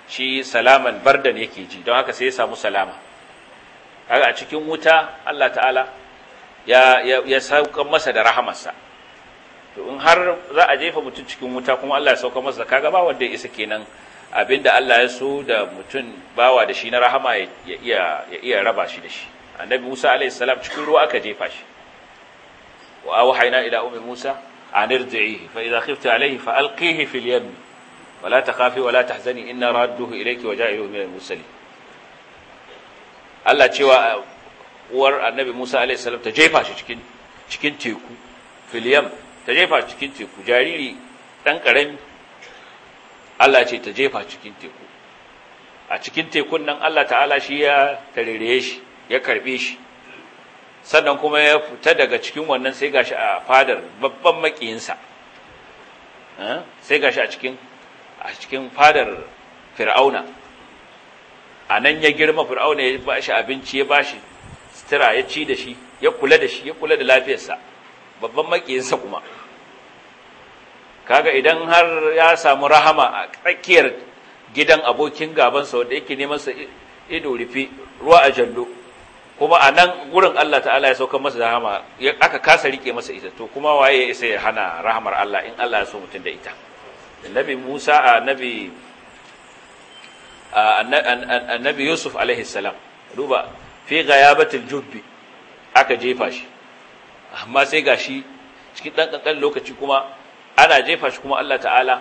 shi salaman bardan yake ji don haka sai ya samu salama a cikin wuta Allah ta'ala ya ya saukan masa da rahamarsa to in har za a jefa mutum cikin wuta kuma Allah ya sauka masa kaga ba wanda ya isa kenan abinda Allah ya so da mutum bawa da shi na rahama ya iya ya iya raba shi da shi annabi Musa alaihi salam cikin ruwa aka jefa shi wa wahaina ila ummi Musa an irji'ihi fa idza khifta alayhi fa alqihi fil yam wa la takhafi wa la tahzani inna radduhu ilayki wa ja'iluhu min al-mursalin Allah cewa uwar annabi Musa alaihi salam ta jefa shi cikin teku ta jefa shi cikin teku jariri karami Allah ce ta jefa cikin teku a cikin tekun nan Allah ta'ala shi ya tarire shi ya karbe shi sannan kuma ya fita daga cikin wannan sai gashi a fadar babban makiyinsa eh? sai gashi a cikin a cikin fadar fir'auna a nan ya girma fir'auna ya ba shi abinci ya ba shi sutura ya ci da shi ya kula da shi ya kula da lafiyarsa babban makiyinsa kuma kaga idan har ya samu rahama a tsakiyar gidan abokin gabansa wanda yake neman sa ido rufe ruwa a jallo kuma a nan gurin Allah ta'ala ya saukar masa rahama aka kasa rike masa ita to kuma waye ya isa ya hana rahamar Allah in Allah ya so mutum da ita annabi Musa annabi annabi Yusuf alaihi salam duba fi ghayabatil jubbi aka jefa shi amma sai gashi cikin dan kankan lokaci kuma ana jefa shi kuma Allah ta'ala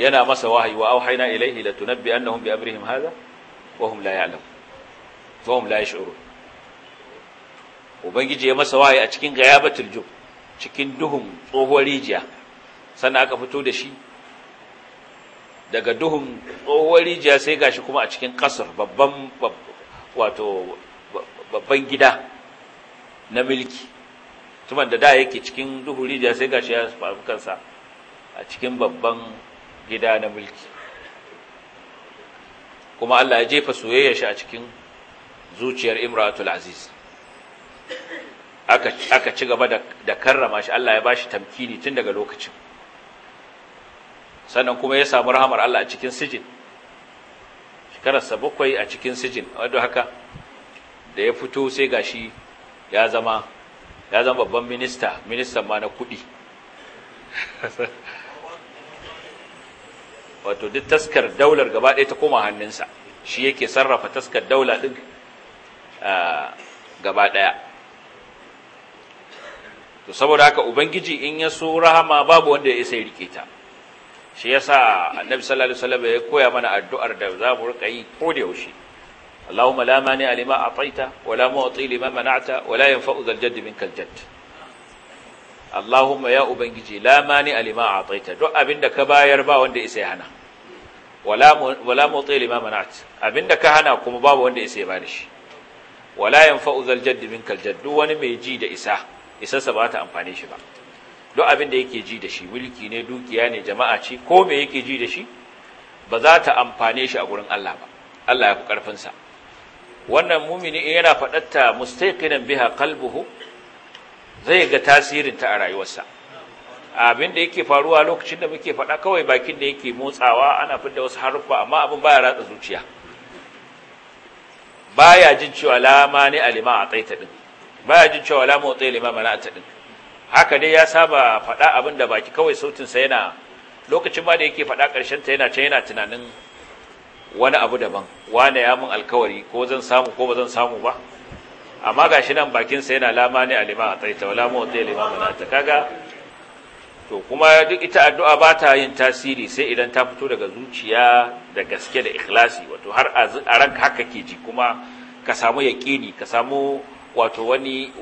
yana masa wahayi wa auhayna ilaihi latunabbi annahum bi amrihim hadha wa hum la ya'lamun fahim la yash'urun ubangiji ya masa waye a cikin gayabatul jub cikin duhun tsohuwar rijiya sannan aka fito da shi daga duhun tsohuwar rijiya sai gashi kuma a cikin kasar babban wato babban gida na milki tuman da da yake cikin duhun rijiya sai gashi ya faru kansa a cikin babban gida na milki kuma Allah ya jefa soyayya shi a cikin zuciyar imratul aziz aka ci gaba da karrama shi Allah ya ba shi tamkini tun daga lokacin sannan kuma ya samu rahamar Allah a cikin sijin shekararsa bakwai a cikin sijin wadda haka da ya fito sai gashi ya zama ya zama babban minista ministan ma na kudi wato duk taskar daular gaba ɗaya ta koma hannunsa shi yake sarrafa taskar daula ɗin Uh, gaba ɗaya to saboda haka ubangiji in ya so rahama babu wanda ya isa ya rike ta shi yasa annabi sallallahu alaihi wasallam ya koya mana addu'ar da za mu rika yi ko da yaushe Allahumma la mani alima ataita wa la mu'ti lima mana'ta wa la yanfa'u dhal jadd al jadd Allahumma ya ubangiji la mani alima ataita duk abinda ka bayar ba wanda isa ya hana wala la mu'ti lima mana'ta abinda ka hana kuma babu wanda isa ya bani shi wala yanfa'u zal jadd minkal jadd wani mai ji da isa sa ba ta amfane shi ba duk abin da yake ji da shi mulki ne dukiya ne jama'a ce ko me yake ji da shi ba za ta amfane shi a gurin Allah ba Allah ya fi karfin sa wannan mumini in yana fadatta mustaqinan biha qalbuhu zai ga tasirin ta a rayuwarsa abin da yake faruwa lokacin da muke faɗa kawai bakin da yake motsawa ana fidda wasu haruffa amma abin baya ratsa zuciya baya jin cewa lama ne alima a tsaita din baya jin cewa lama wa tsaye limama na ta din haka dai ya saba faɗa abin da baki kawai sautinsa yana lokacin ma da yake faɗa ƙarshen ta yana can yana tunanin wani abu daban wane ya mun alkawari ko zan samu ko ba zan samu ba amma gashi nan bakinsa yana lama ne alima a tsaita wa lama a tsaye limama na ta kaga to kuma duk ita addu'a ba ta yin tasiri sai idan ta fito daga zuciya da gaske da ikhlasi wato har a ranka haka ke ji kuma ka samu yaƙini ka samu wato wani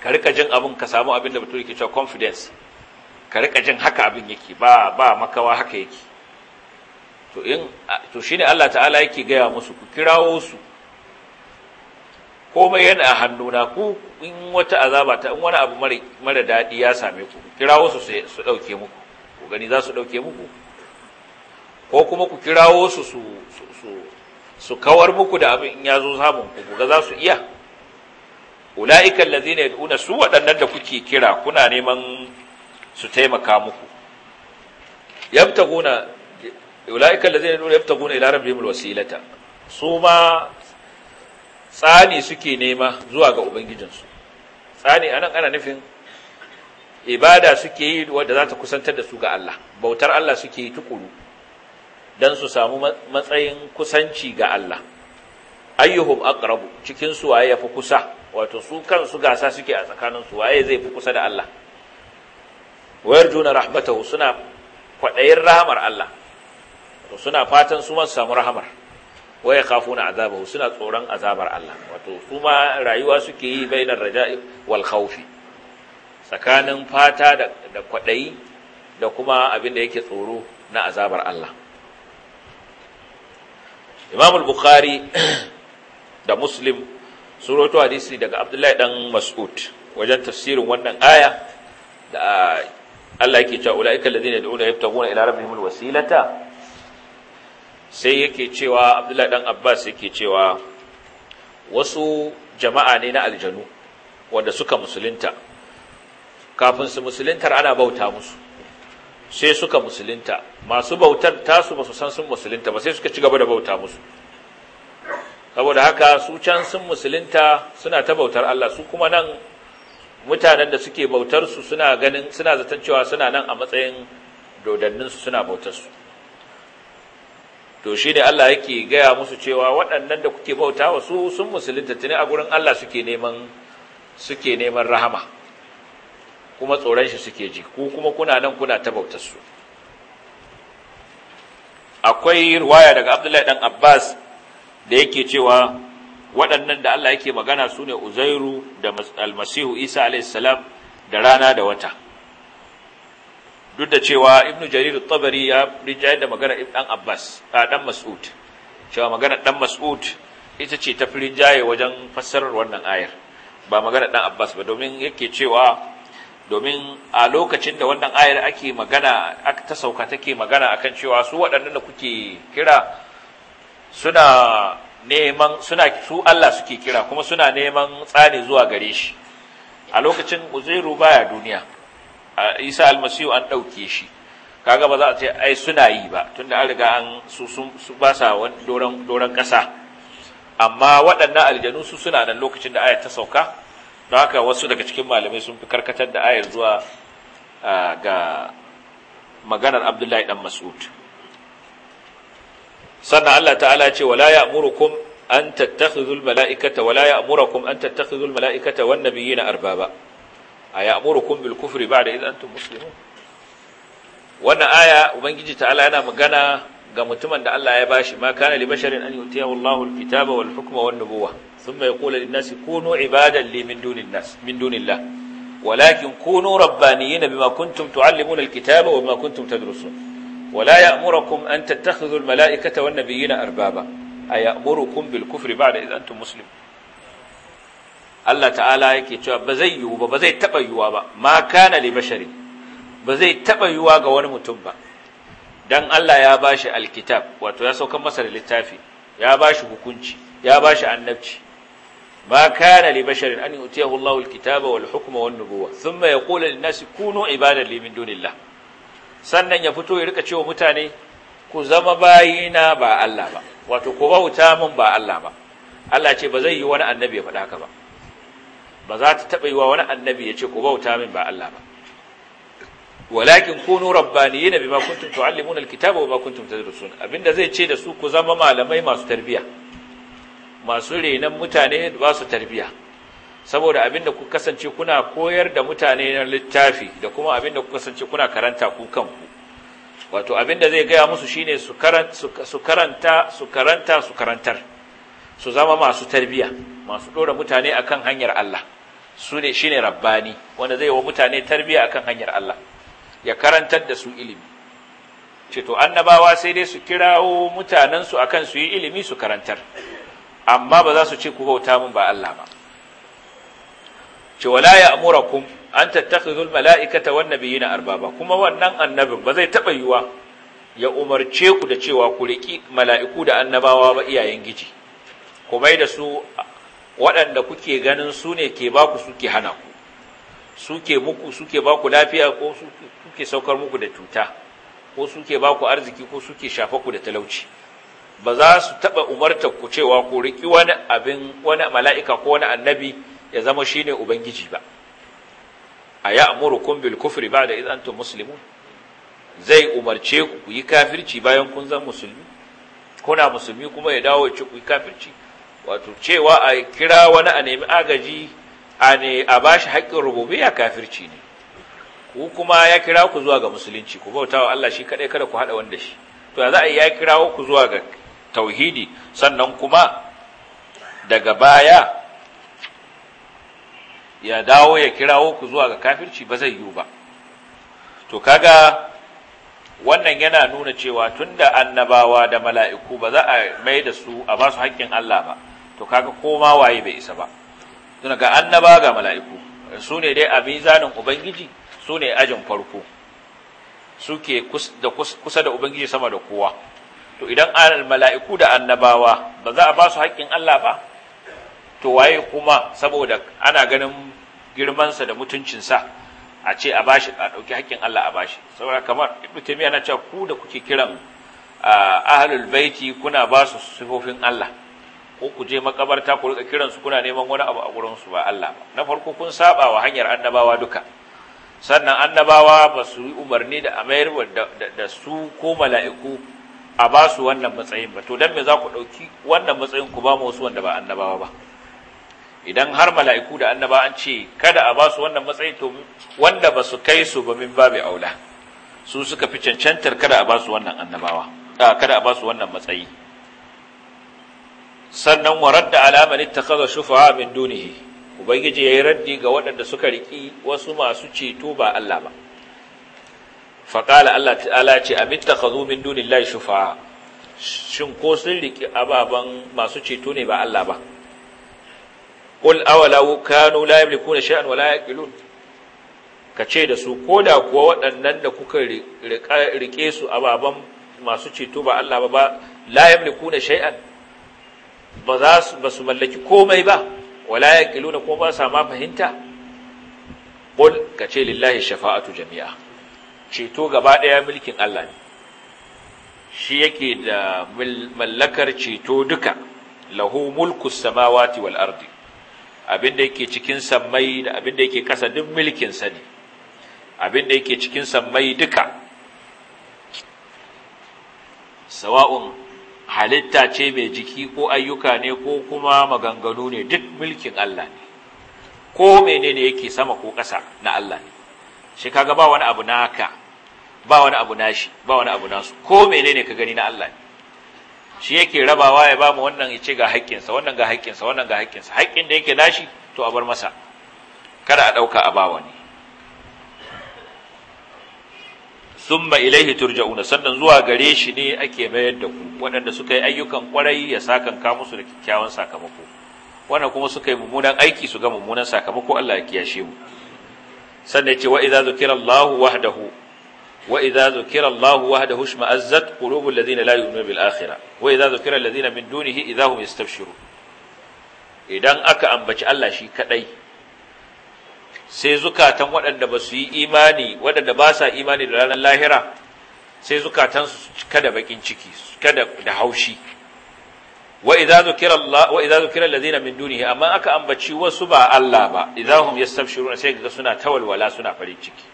ka rika jin abin ka samu abin da mutum yake cewa confidence ka rika jin haka abin yake ba ba makawa haka yake to in to shine Allah ta'ala yake gaya musu ku kirawo su komai yana a hannuna ku in wata azaba ta in wani abu mara daɗi ya same ku kirawo su su ɗauke muku ku gani za su ɗauke muku ko kuma ku kirawo su su kawar muku da abin in ya zo samun ku ga za su iya ula'ikan lazina yad'una su waɗannan da kuke kira kuna neman su taimaka muku yabtaguna ula'ikan lazina yad'una guna ilarar bimul wasilata. su ma tsani suke nema zuwa ga ubangijinsu tsani anan ana nufin ibada suke yi wadda za ta kusantar da su ga Allah bautar Allah suke yi tukuru dan su samu matsayin kusanci ga Allah ayyuhum aqrabu cikin su waye yafi kusa wato su kansu gasa suke a tsakanin su waye zai fi kusa da Allah Wayar juna rahmatahu suna kwadayin rahamar Allah to suna fatan su ma su samu rahamar wa yakhafuna azabahu suna tsoron azabar Allah wato su ma rayuwa suke yi bainar raja'i wal khawfi tsakanin fata da da da kuma abin da yake tsoro na azabar Allah Imam al-Bukhari da Muslim sun rawaito hadisi daga Abdullahi dan Mas'ud wajen tafsirin wannan aya da Allah yake cewa ulaika alladhina yad'una yabtaguna ila rabbihimul wasilata sai yake cewa abdullahi dan abbas yake cewa wasu jama'a ne na aljanu wanda suka musulunta kafin su musuluntar ana bauta musu sai suka musulunta masu bautar tasu ba su san sun musulunta ba sai suka ci gaba da bauta musu saboda haka su can sun musulunta suna ta bautar Allah su kuma nan mutanen da suke bautar su suna ganin suna zaton cewa suna nan a matsayin dodanninsu suna bautar su to shi ne Allah yake gaya musu cewa waɗannan da kuke bauta wa su sun musulunta tuni a gurin Allah suke neman suke neman rahama kuma tsoron shi suke ji ku kuma kuna nan kuna ta bautar su akwai riwaya daga Abdullahi dan Abbas da yake cewa waɗannan da Allah yake magana su ne Uzairu da Almasihu Isa alayhi salam da rana da wata duk da cewa ibnu jarir at-tabari ya rinjayar da magana dan abbas a dan mas'ud cewa magana dan mas'ud ita ce ta jaye wajen fassarar wannan ayar ba magana dan abbas ba domin yake cewa domin a lokacin da wannan ayar ake magana ta sauka take magana akan cewa su waɗannan da kuke kira suna neman suna su Allah suke kira kuma suna neman tsani zuwa gare shi a lokacin uzairu baya duniya isa almasihu an ɗauke shi kaga ba za a ce ai suna yi ba tunda an riga an su ba sa wani doron doron ƙasa amma waɗannan aljanu su suna nan lokacin da ayar ta sauka don haka wasu daga cikin malamai sun fi karkatar da ayar zuwa ga maganar abdullahi dan mas'ud sannan allah ta'ala ce wala ya'murukum an tattakhidhul mala'ikata wala ya'murukum an tattakhidhul mala'ikata wan nabiyina arbaba a ya'murukum bil kufri ba'da idh antum muslimun wannan aya ubangiji ta'ala yana magana ga mutumin da Allah ya bashi ma kana li basharin an yutiyahu Allahu al-kitaba wal hukma wan nubuwa thumma yaqulu lin nasi kunu ibadan li min dunin nas min dunillah walakin kunu rabbaniyina bima kuntum tuallimuna al-kitaba wa bima kuntum tadrusun ولا يأمركم أن تتخذوا الملائكة والنبيين أربابا أيأمركم بالكفر بعد إذ أنتم مسلمون Allah ta'ala yake cewa ba zai yiwu ba ba zai taɓa yiwuwa ba ma kana li bashari ba zai taɓa yiwuwa ga wani mutum ba dan Allah ya bashi alkitab wato ya saukar masa da littafi ya bashi hukunci ya bashi annabci ma kana li basharin an yutiyahu Allahu alkitaba wal hukma wan nubuwa thumma yaqulu lin nasi kunu ibadan li min dunillah sannan ya fito ya rika cewa mutane ku zama bayina ba Allah ba wato ku bauta mun ba Allah ba Allah ce ba zai yi wani annabi ya faɗa haka ba ba za ta taɓa yi wa wani annabi ya ce ku bauta min ba Allah ba walakin kunu rabbaniyina bima kuntum tuallimuna alkitaba wa ma kuntum tadrusun abinda zai ce da su ku zama malamai masu tarbiya masu renan mutane ba su tarbiya saboda abinda ku kasance kuna koyar da mutane na littafi da kuma abinda ku kasance kuna karanta ku kanku wato abinda zai gaya musu shine su karanta su karanta su karantar su zama masu tarbiyya, masu ɗora mutane akan hanyar Allah su ne shine rabbani wanda zai wa mutane tarbiya akan hanyar Allah ya karantar da su ilimi ce to annabawa sai dai su kirawo mutanen su akan su yi ilimi su karantar amma ba za su ce ku bauta mun ba Allah ba ce wala ku an tattakhidhul mala'ikata wan nabiyina arbaba kuma wannan annabin ba zai taba yiwa ya umarce ku da cewa ku riki mala'iku da annabawa ba iyayen giji ku mai da su waɗanda kuke ganin su ne ke ba ku suke hana ku suke muku suke ba ku lafiya ko suke saukar muku da cuta ko suke ba ku arziki ko suke shafa ku da talauci ba za su taɓa umarta ku cewa ku riƙi wani abin wani mala'ika ko wani annabi ya zama shi ne ubangiji ba a ya amurukun bil kufri ba da izantun musulmi zai umarce ku yi kafirci bayan kun zan musulmi kuna musulmi kuma ya dawo ya ce ku yi kafirci wato cewa a kira wani a nemi agaji a ne a ba shi haƙƙin rububiya kafirci ne ku kuma ya kira ku zuwa ga musulunci ku bauta wa Allah shi kaɗai kada ku hada wanda shi to za a ya kira ku zuwa ga tauhidi sannan kuma daga baya ya dawo ya kirawo ku zuwa ga kafirci ba zai yiwu ba to kaga wannan yana nuna cewa tunda annabawa da mala'iku ba za a mai da su a ba su haƙƙin Allah ba to kaga koma waye bai isa ba tuna ga annaba ga mala'iku su ne dai abin mizanin ubangiji su ne ajin farko suke kusa da ubangiji sama da kowa to idan mala'iku da annabawa ba za a ba su haƙƙin Allah ba to waye kuma saboda ana ganin girmansa da mutuncinsa a ce a bashi a ɗauki haƙƙin Allah a bashi saboda kamar ibnu taymiya na cewa ku da kuke kiran ah, ahlul baiti kuna ba su sifofin Allah ko ku je makabarta ku rika kiransu kuna neman wani abu a su ba Allah ba na farko kun saba wa hanyar annabawa duka sannan annabawa ba su yi umarni da amayar da, da su ko mala'iku a ba su wannan matsayin ba to dan me za ku ɗauki wannan matsayin ku ba mu wasu wanda ba annabawa ba idan har mala'iku da annaba an ce kada a ba su wannan matsayi to wanda ba su kai su ba min babu aula su suka fi cancantar kada a ba su wannan annabawa kada a ba su wannan matsayi sannan wa radda ta kaza shufa'a min dunihi ubangiji yi raddi ga waɗanda suka riki wasu masu ceto ba Allah ba fa qala Allah ta'ala ce kazo min dunillahi shufa'a shin ko sun riki ababan masu ceto ne ba Allah ba qul awalaw kanu la yamlikuna shay'an wa la Ka ce da su ko da kuwa waɗannan da kuka riƙe su ababen masu ceto ba Allah ba la na shay'an ba za su ba su mallaki komai ba wala ya na ko ba sa ma fahimta qul ka ce lillahi shafa'atu jami'a ceto gaba daya mulkin Allah ne shi yake da mallakar ceto duka lahu mulku samawati wal ardi da yake cikin sammai da abin da yake kasa duk mulkin sa ne da yake cikin sammai duka sawa'un halitta ce mai jiki ko ayyuka ne ko kuma maganganu ne duk mulkin Allah ne ko menene yake sama ko ƙasa na Allah ne shi kaga ba wani abu naka ba wani abu nashi ba wani abu nasu ko menene ka gani na Allah ne shi yake rabawa ya bamu wannan ya ce ga haƙƙinsa wannan ga haƙƙinsa wannan ga haƙƙinsa haƙƙin da yake nashi to a bar masa kada a ɗauka a ba wani thumma ilaihi turja'una sannan zuwa gare shi ne ake mayar da ku waɗanda suka yi ayyukan kwarai ya sakanka musu da kyakkyawan sakamako wannan kuma suka yi mummunan aiki su ga mummunan sakamako Allah ya kiyashe mu sannan ce wa idza zukira Allah wahdahu wa idza zukira Allah wahdahu shma'azzat qulubul ladina la yu'minuna bil akhirah wa idza zukira alladhina min dunihi idza hum yastabshirun idan aka ambaci Allah shi kadai sai zukatan waɗanda ba su yi imani waɗanda ba sa imani da ranar lahira sai zukatansu su kada bakin ciki kada da haushi wa idza zukira Allah wa idza min dunihi amma aka ambaci wasu ba Allah ba idza hum yastabshiruna sai ga suna tawalwala suna farin ciki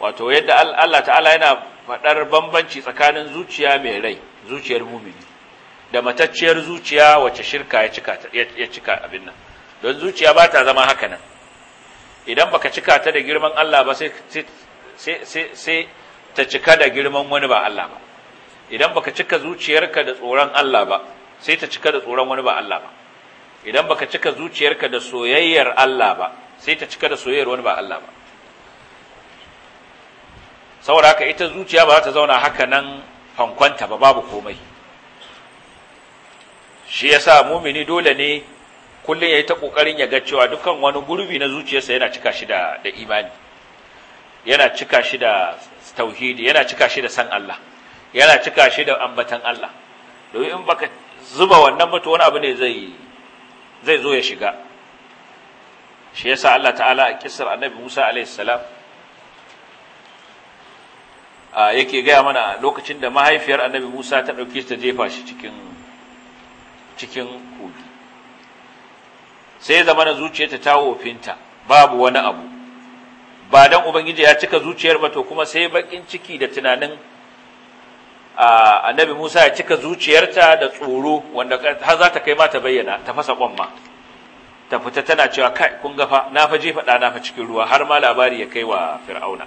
wato yadda Allah ta'ala yana faɗar bambanci tsakanin zuciya mai rai zuciyar mumini da matacciyar zuciya wacce shirka ya cika ya cika abin nan don zuciya ba ta zama haka nan idan baka cika ta da girman Allah ba sai sai ta cika da girman wani ba Allah ba idan baka cika zuciyarka da tsoron Allah ba sai ta cika da tsoron wani ba Allah ba idan baka cika zuciyarka da soyayyar Allah ba sai ta cika da soyayyar wani ba Allah ba saboda haka ita zuciya ba za ta zauna haka nan fankwanta ba babu komai shi yasa mumini dole ne kullum ya yi ta ƙoƙarin ya ga cewa dukkan wani gurbi na zuciyarsa yana cika shi da imani yana cika shi da tauhidi yana cika shi da san Allah yana cika shi da ambatan Allah domin in baka zuba wannan mutu wani abu ne zai zai zo ya shiga shi yasa Allah ta'ala a kisar annabi Musa alaihi salam yake gaya mana lokacin da mahaifiyar annabi Musa ta ɗauke ta jefa shi cikin cikin kogi sai zama na zuciyarta ta wofinta babu wani abu ba dan ubangiji ya cika zuciyar ba to kuma sai bakin ciki da tunanin annabi Musa ya cika zuciyarta da tsoro wanda har za ta kai ma ta bayyana ta fasa kwamma ta fita tana cewa kai kun ga fa na fa jefa na fa cikin ruwa har ma labari ya kai wa fir'auna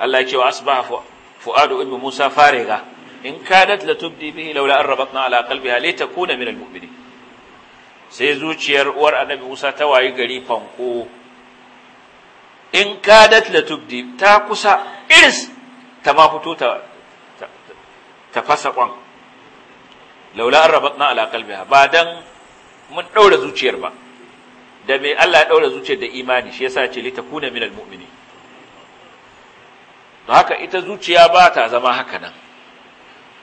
Allah ya ce wa asbaha fu'adu ummi Musa fariga in kadat la tubdi bihi laula an rabatna ala qalbiha litakuna min al sai zuciyar uwar annabi Musa ta wayi gari fanko in kadat la tubdi ta kusa iris ta ma fito ta ta fasa kwan laula an rabatna ala qalbiha ba dan mun daura zuciyar ba da mai Allah ya daura zuciyar da imani shi yasa ce litakuna minal mu'mini Da haka ita zuciya ba ta zama haka nan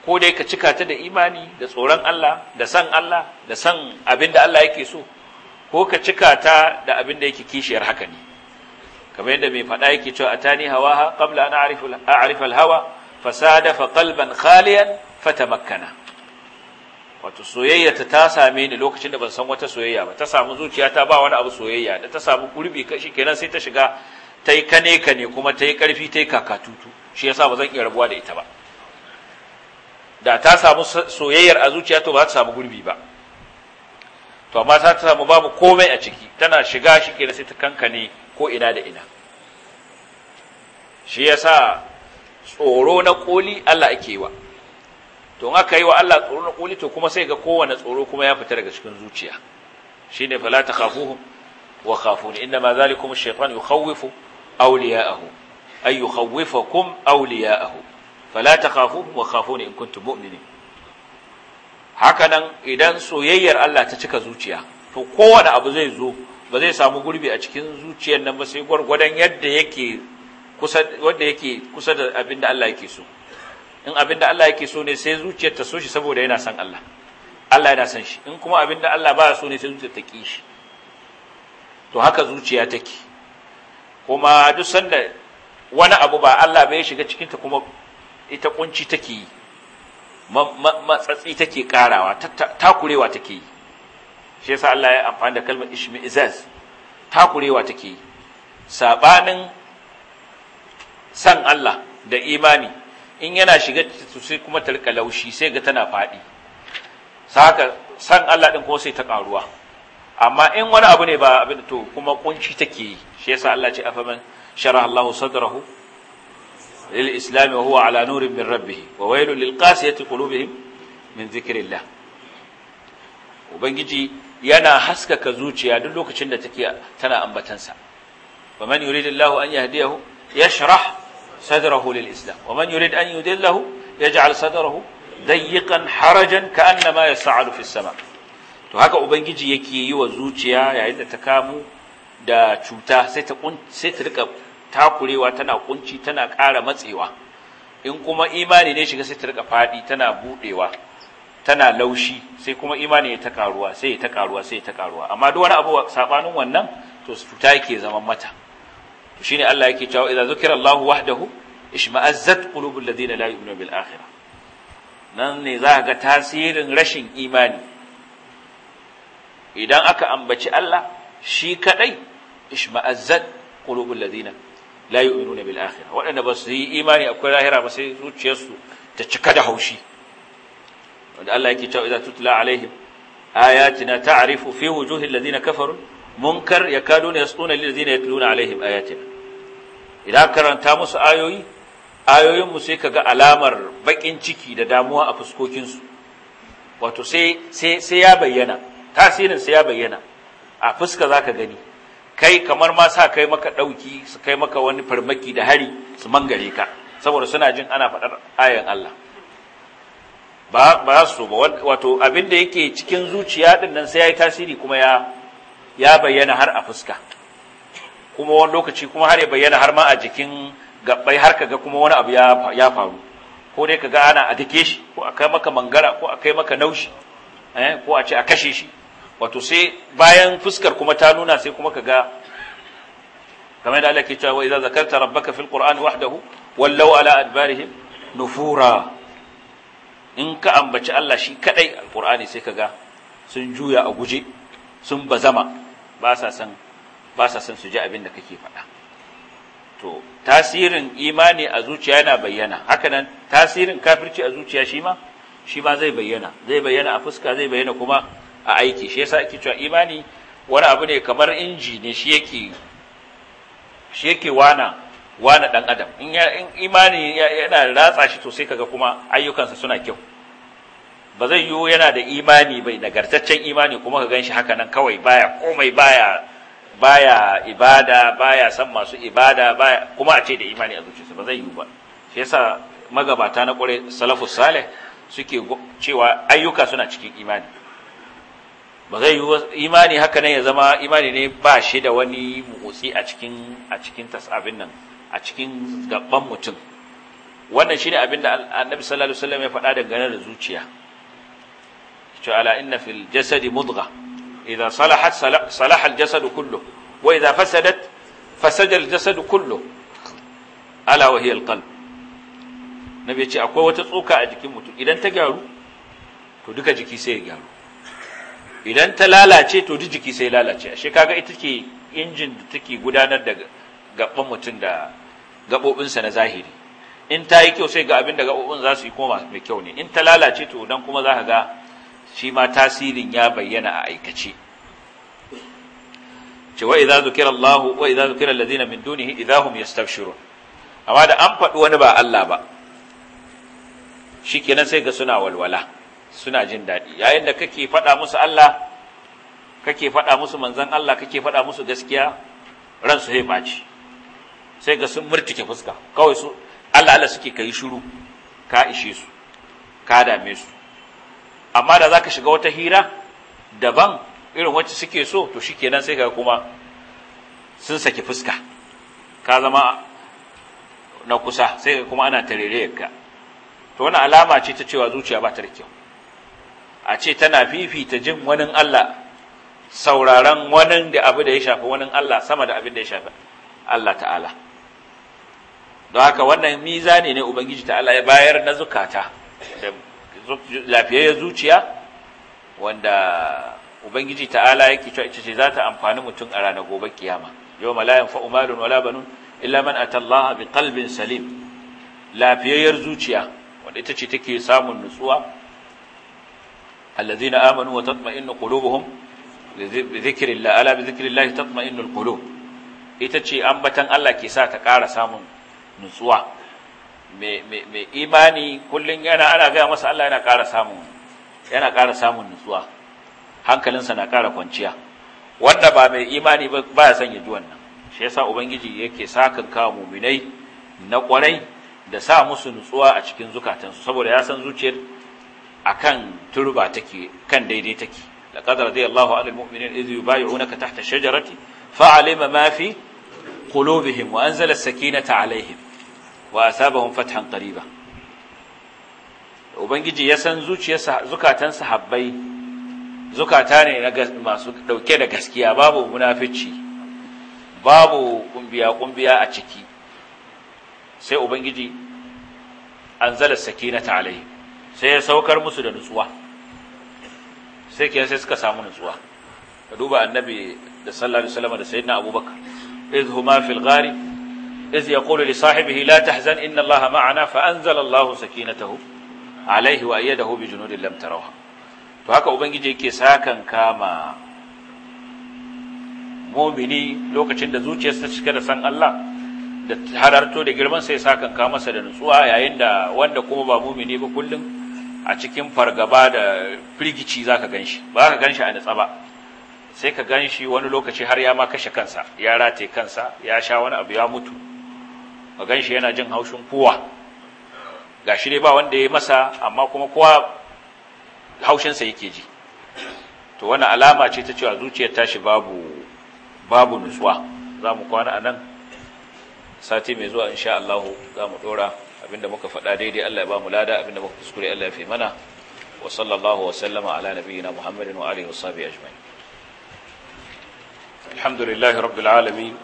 ko dai ka cika ta da imani da tsoron Allah da san Allah da san abin da Allah yake so ko ka cika ta da abin da yake kishiyar haka ne kamar yadda mai faɗa yake cewa atani hawaha qabla an a'rifa al-hawa fasada fa qalban khaliyan fatamakkana wato soyayya ta ta same ni lokacin da ban san wata soyayya ba ta samu zuciya ta ba wani abu soyayya da ta samu kurbi kashi kenan sai ta shiga ta yi kane kane kuma ta yi karfi ta yi kakatutu shi yasa ba zan iya rabuwa da ita ba da ta samu soyayyar a zuciya to ba ta samu gurbi ba to amma ta samu babu komai a ciki tana shiga shi ke sai ta kankane ko ina da ina shi yasa tsoro na koli Allah ake yi wa to aka yi wa Allah tsoro na koli to kuma sai ga kowane tsoro kuma ya fita daga cikin zuciya shine fala takhafuhum wa khafuni inna ma zalikum ash-shaytan yukhawwifu awliya'ahu ay yukhawwifukum awliya'ahu fala takhafu wa khafuni in kuntum mu'minin hakanan idan soyayyar Allah ta cika zuciya to kowane abu zai zo ba zai samu gurbi a cikin zuciyar nan ba sai gwargwadon yadda yake kusa wanda yake kusa da abin da Allah yake so in abin da Allah yake so ne sai zuciyar ta so shi saboda yana son Allah Allah yana son shi in kuma abin da Allah ba so ne sai zuciyar ta ki shi to haka zuciya take kuma duk sanda wani abu ba Allah bai shiga cikin ta kuma ita kunci take yi matsatsi take karawa takurewa take yi shi yasa Allah ya amfani da kalmar ishmi'izaz takurewa take yi sabanin san Allah da imani in yana shiga sai kuma ta rika laushi sai ga tana faɗi saka san Allah din kuma sai ta karuwa amma in wani abu ne ba abin to kuma kunci take yi shi yasa Allah ce afaman sharaha Allahu sadrahu lil islam wa huwa ala nurin min rabbih wa wailul lil qasiyati qulubihim min dhikrillah ubangiji yana haskaka zuciya duk lokacin da take tana ambatansa wa man yuridillahu an yahdiyahu yashrah sadrahu lil islam wa man yurid an yudillahu harajan ka'annama sama to haka ubangiji yake yi wa zuciya yayin da ta kamu da cuta sai ta rika takurewa tana kunci tana ƙara matsewa in kuma imani ne shiga sai ta rika faɗi tana buɗewa tana laushi sai kuma imani ya ta karuwa sai ya ta karuwa sai ya ta karuwa amma duk wani abu sabanin wannan to cuta yake zaman mata to shine Allah yake cewa idza zukira wahdahu ishma'azzat qulubul ladina la yu'minuna bil akhirah nan ne za ga tasirin rashin imani idan aka ambaci Allah shi kadai ishma'azzat qulubul ladina la yu'minuna bil akhirah waɗanda ba su yi imani akwai lahira ba sai zuciyarsu ta cika da haushi wanda Allah yake cewa idza tutla alaihim ayatina ta'rifu fi wujuhil ladina kafaru munkar yakaduna yasquna lil ladina yatluna alaihim ayatina idan karanta musu ayoyi ayoyin mu sai kaga alamar bakin ciki da damuwa a fuskokinsu su wato sai sai sai ya bayyana tasirin sai ya bayyana a fuska zaka gani kai kamar ma sa kai maka ɗauki su kai maka wani farmaki da hari su mangare ka saboda suna jin ana faɗar ayan Allah ba za su ba wato abin da yake cikin zuciya din nan sai ya yi tasiri kuma ya ya bayyana har a fuska kuma wani lokaci kuma har ya bayyana har ma a jikin gabbai har kaga kuma wani abu ya faru ko dai kaga ana a dake shi ko a kai maka mangara ko a kai maka naushi eh, ko a ce a kashe shi wato sai bayan fuskar kuma ta nuna sai kuma ga. kamar da Allah ke cewa idza zakarta rabbaka fil qur'ani wahdahu wallau ala adbarihim nufura in ka ambaci Allah shi kadai alqur'ani sai ga. sun juya a guje sun bazama ba sa san ba sa san su ji abin da kake faɗa to tasirin imani a zuciya yana bayyana hakanan tasirin kafirci a zuciya shi ma shi ma zai bayyana zai bayyana a fuska zai bayyana kuma a aiki shi yasa ake cewa imani wani abu ne kamar inji ne shi yake shi yake wana wana dan adam in imani yana ratsa shi to sai kaga kuma ayyukansa suna kyau ba zai yiwu yana da imani bai nagartaccen imani kuma ka ganshi haka nan kawai baya komai baya baya ibada baya san masu ibada baya kuma a ce da imani a zuciyarsa ba zai yiwu ba shi yasa magabata na ƙure salafus salih suke cewa ayyuka suna cikin imani ba zai yi imani haka nan ya zama imani ne ba shi da wani motsi a cikin a cikin tasabin nan a cikin gaban mutum wannan shine abin da annabi sallallahu alaihi wasallam ya faɗa dangane da zuciya cewa ala inna fil jasadi mudgha idan salahat salaha al jasad kullu wa idza fasadat fasada al jasad kullu ala wa hiya al qalb nabi ya ce akwai wata tsoka a jikin mutum idan ta gyaru to duka jiki sai ya gyaru idan ta lalace to duk jiki sai lalace ashe kaga ita ke injin da take gudanar da gaban mutum da gabobinsa na zahiri in ta yi kyau sai ga abin da gabobin za su yi koma mai kyau ne in ta lalace to dan kuma za ka ga shi ma tasirin ya bayyana a aikace ce wa idza zukira Allah wa idza zukira alladhina min dunihi hum yastabshirun amma da an faɗi wani ba Allah ba shikenan sai ga suna walwala suna jin daɗi yayin da kake faɗa musu Allah kake faɗa musu manzan Allah kake faɗa musu gaskiya ransu ya baci sai ga sun murtike fuska kawai su Allah Allah suke kai shiru ka ishe su ka dame su amma da zaka shiga wata hira daban irin wacce suke so to shikenan sai ka kuma sun saki fuska ka zama na kusa sai kuma ana ka. to wani alama ce ta cewa zuciya ba ta da kyau a ce tana fifita jin wani Allah sauraron wani da abu da ya shafi wani Allah sama da abin da ya shafi Allah ta'ala don haka wannan miza ne ubangiji ta'ala ya bayar na zukata da lafiyayyar zuciya wanda ubangiji ta'ala yake cewa ita ce za ta amfani mutum a ranar gobe kiyama yau malayan fa'umalun wala banu ilaman man atallaha bi kalbin salim lafiyayyar zuciya wanda ita ce take samun nutsuwa allazina amanu wa tatma'innu qulubuhum bi dhikrillah ala bi dhikrillah tatma'innu alqulub ita ce ambatan Allah ke sa ta ƙara samun nutsuwa mai imani kullum yana ana gaya masa Allah yana ƙara samun yana ƙara samun nutsuwa hankalinsa na ƙara kwanciya wanda ba mai imani ba ya son ya ji wannan shi yasa ubangiji yake sakan kawo muminai na ƙwarai da sa musu nutsuwa a cikin zukatansu saboda ya san zuciyar akan turba take kan daidai take laqad radiyallahu 'anil mu'minin idh yubay'unaka tahta shajarati fa'alima ma fi qulubihim wa anzala as-sakinata 'alayhim wa asabahum fathan qariba ubangiji ya san zuciyar zukatan sahabbai zukata ne masu dauke da gaskiya babu munafici babu kumbiya kumbiya a ciki sai ubangiji anzala as-sakinata 'alayhim sai ya saukar musu da nutsuwa sai ke sai suka samu nutsuwa ka duba annabi da sallallahu alaihi wasallam da sayyidina abubakar iz huma fil ghari iz yaqulu li sahibihi la tahzan inna allaha ma'ana fa anzala allahu sakinatahu alaihi wa ayyadahu bi junudin lam tarawha to haka ubangiji yake sakan kama mumini lokacin da zuciyarsa cike da san Allah da hararto da girman sai sa kanka masa da nutsuwa yayin da wanda kuma ba mumini ba kullum a cikin fargaba da firgici za ka gan shi ba ka gan shi a natsa ba sai ka gan shi wani lokaci har ya ma kashe kansa ya rate kansa ya sha wani abu ya mutu ka gan shi yana jin haushin kowa ga shi dai ba wanda ya masa amma kuma kowa haushinsa yake ji to wani alama ce ta cewa zuciyar tashi babu babu nutsuwa za mu kwana a nan sati mai zuwa insha Allah za mu ɗora abinda muka faɗa daidai Allah ya ba mu lada abinda muka kuskure Allah ya fi mana wa sallallahu wa sallama ala nabiyyina Muhammadin wa alihi wa sahbihi ajma'in alhamdulillahi rabbil alamin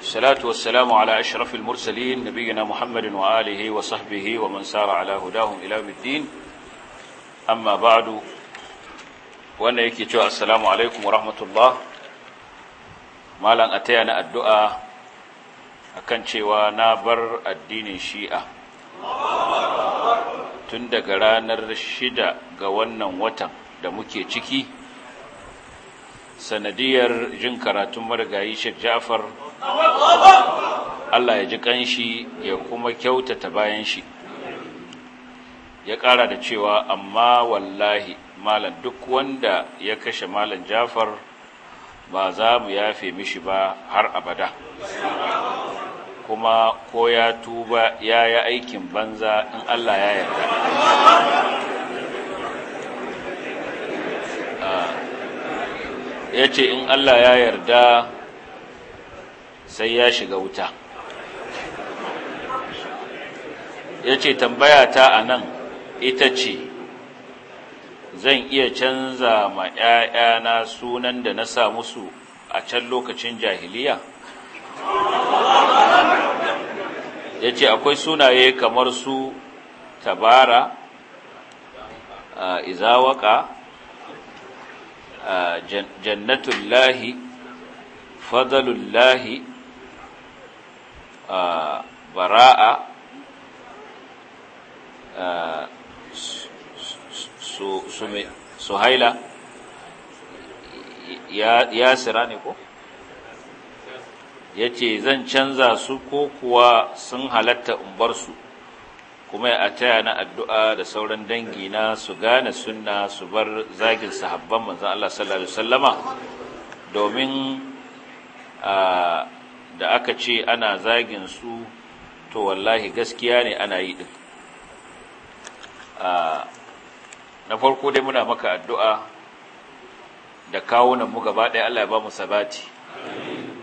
salatu wassalamu ala ashrafil mursalin nabiyyina Muhammadin wa alihi wa sahbihi wa man sara ala hudahum ila yawmiddin amma ba'du wanda yake cewa assalamu alaikum wa rahmatullah malam ataya na addu'a akan cewa na bar addinin shi'a tun daga ranar shida ga wannan watan da muke ciki sanadiyar jin karatun marigayi shek Ja'far Allah ya ji kanshi ya kuma kyautata bayan shi ya ƙara da cewa amma wallahi malam duk wanda ya kashe malam Ja'far ba za mu yafe mishi ba har abada kuma ko ya tuba ya yi aikin banza in Allah ya yarda ah. ya ce in Allah ya yarda sai ya shiga wuta ya ce tambaya ta a nan ita ce zan iya canza ma ‘ya'yana sunan da na sa musu a can lokacin jahiliya’ Yace akwai sunaye kamar su tabara izawaka jannatullahi fadalullahi bara'a suhaila yasira ne ko? ya ce zan canza su ko kuwa sun halatta in su kuma ya taya na addu'a da sauran dangi na su gane sunna su bar zagin sahabban manzan Allah sallallahu Alaihi wasallama domin da aka ce ana zagin su to wallahi gaskiya ne ana yi ɗin na farko dai muna maka addu'a da kawo nan mu gaba ɗaya Allah ya ba mu sabati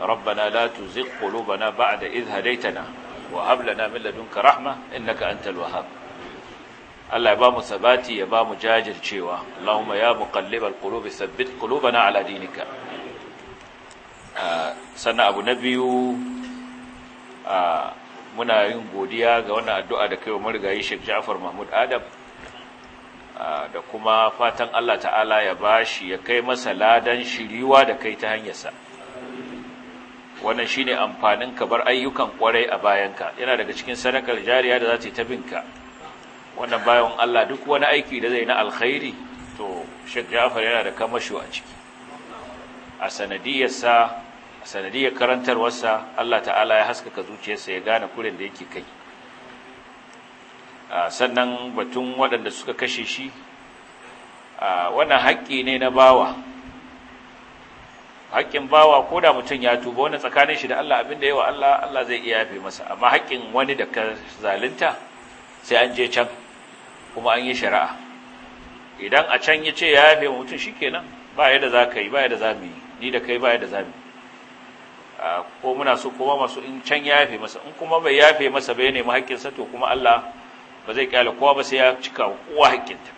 ربنا لا تزغ قلوبنا بعد إذ هديتنا وهب لنا من لدنك رحمة إنك أنت الوهاب الله يبا ya يبا مجاجر شيوا اللهم يا مقلب القلوب ثبت قلوبنا على دينك sannan abu na biyu muna yin godiya ga wannan addu'a da kai wa marigayi shek Ja'far Mahmud Adam da kuma fatan Allah ta'ala ya bashi ya kai masa ladan shiriwa da kai ta hanyarsa wannan shine amfanin ka bar ayyukan kwarai a bayanka yana daga cikin sadakar jariya da za ta yi ta binka wannan bayan Allah duk wani aiki da zai na alkhairi to Sheikh Ja'far yana da kamasho a ciki a sa a sanadiyar karantarwarsa Allah ta'ala ya haskaka zuciyarsa ya gane kurin da yake kai sannan batun waɗanda suka kashe shi wannan haƙƙi ne na bawa haƙƙin bawa ko da mutum ya tuba wani tsakanin shi da Allah abin da yawa Allah Allah zai iya yafe masa amma haƙƙin wani da ka zalunta sai an je can kuma an yi shari'a idan a can ya ce ya yafe mutum shi kenan ba yadda za ka yi ba yadda za mu yi ni da kai ba yadda za mu yi ko muna so kuma masu in can ya yafe masa in kuma bai yafe masa bai nemi haƙƙinsa to kuma Allah ba zai kyale kowa ba sai ya cika kowa haƙƙinta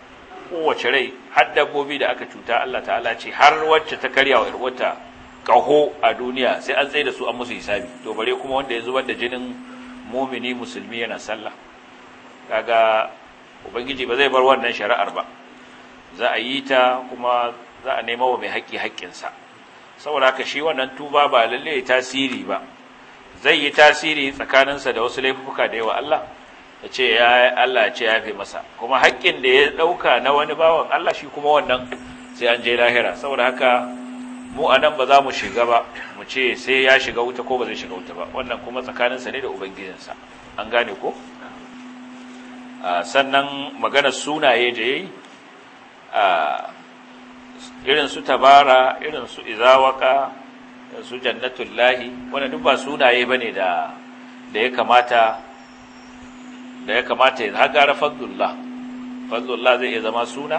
kowace rai har dabbobi da aka cuta Allah ta'ala ce har wacce ta karya wa wata kaho a duniya sai an tsaye da su an musu hisabi to bare kuma wanda ya zubar da jinin mumini musulmi yana sallah kaga ubangiji ba zai bar wannan shari'ar ba za a yi ta kuma za a nema wa mai haƙƙi haƙƙinsa saboda haka shi wannan tuba ba lalle tasiri ba zai yi tasiri tsakaninsa da wasu laifuka da yawa Allah ya ce ya Allah ce ya fi masa kuma haƙƙin da ya ɗauka na wani bawan Allah shi kuma wannan sai an je lahira saboda haka mu a nan ba za mu shiga ba mu ce sai ya shiga wuta ko ba zai shiga wuta ba wannan kuma tsakaninsa ne da ubangijinsa an gane ko sannan magana sunaye da ya yi irin su tabara irin izawaka irinsu jannatullahi wanda duk ba sunaye ba ne da ya kamata da ya kamata ya hagara fadlullah fadlullah zai iya zama suna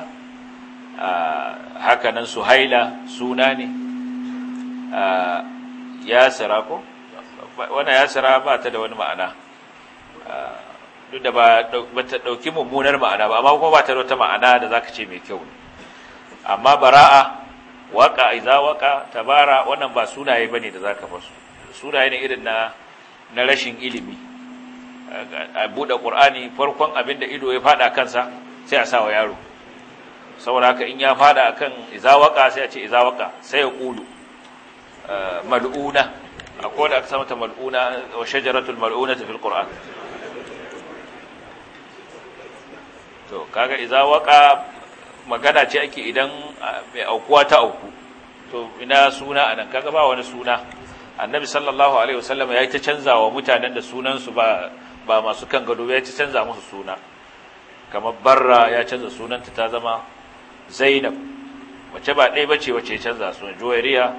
hakanan nan suhaila suna ne ya sara ko wani ya sara ba ta da wani ma'ana duk da ba ta ɗauki mummunar ma'ana ba amma kuma ba ta da wata ma'ana da za ka ce mai kyau ne amma bara'a waka iza waka tabara wannan ba sunaye bane da zaka fasu sunaye ne irin na rashin ilimi a buɗe ƙur'ani farkon abin da ido ya faɗa kansa sai a sawa yaro saboda haka in ya faɗa akan izawaka sai a ce izawaka sai ya ƙulu eh, mal'una akwai da aka samata mal'una wa shajaratul mal'una ta fil ƙur'an to kaga izawaka magana ce ake idan mai aukuwa ta auku to ina suna anan kaga ba wani suna annabi sallallahu alaihi wasallam ya yi ta canzawa mutanen da sunansu ba ba masu kan gado ya ci canza musu suna kamar barra ya canza sunanta ta zama zainab wace ba ɗaya bace wace ya canza sunan juwairiya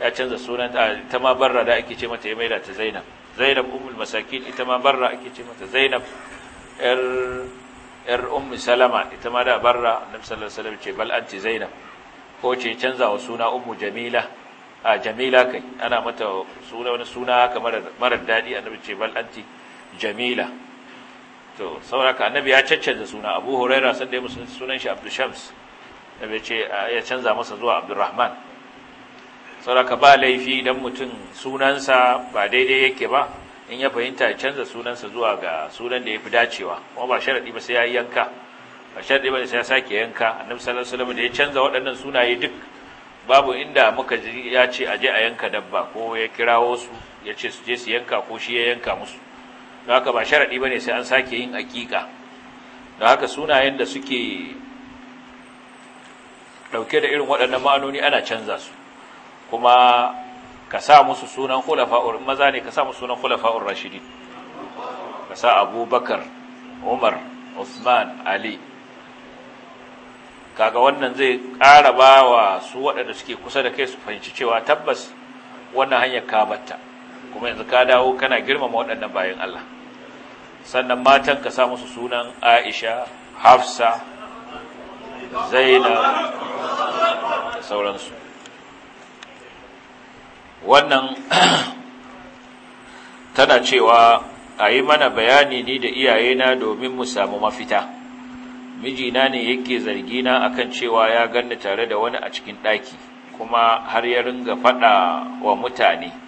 ya canza sunanta ita ma barra da ake ce mata ya maida ta zainab zainab ummul masakin ita ma barra ake ce mata zainab yar yar ummu salama ita ma da barra annabi sallallahu alaihi wasallam ce bal anti zainab ko ce canza wa suna ummu jamila a jamila kai ana mata suna wani suna kamar marar dadi annabi ce bal anti jamila to sauraka annabi ya caccanza suna abu huraira sanda ya musu sunan shi abdul shams da ce ya canza masa zuwa abdurrahman sauraka ba laifi dan mutum sunansa ba daidai yake ba in ya fahimta ya canza sunansa zuwa ga sunan da ya fi dacewa kuma ba sharaɗi ba sai ya yanka ba sharaɗi ba sai ya sake yanka annabi sallallahu alaihi wasallam da ya canza waɗannan sunaye duk babu inda muka ji ya ce a a yanka dabba ko ya kirawo su ya ce su je su yanka ko shi ya yanka musu da haka ba sharaɗi ba ne sai an sake yin aƙiƙa da haka sunayen da suke ɗauke da irin waɗannan ma'anoni ana canza su kuma ka sa musu sunan khulafa'ur maza ne ka sa musu sunan khulafa'ur rashidi ka sa abubakar umar usman ali kaga wannan zai ƙara ba wa su waɗanda suke kusa da kai su fahimci cewa tabbas wannan hanyar ka kuma yanzu ka dawo kana girmama waɗannan bayan Allah sannan matan ka sa musu sunan aisha hafsa zainab da sauransu wannan tana cewa a yi mana bayani ni da iyayena domin mu samu mafita mijina ne yake zargina akan cewa ya ganni tare da wani a cikin ɗaki kuma har ya ringa faɗa wa mutane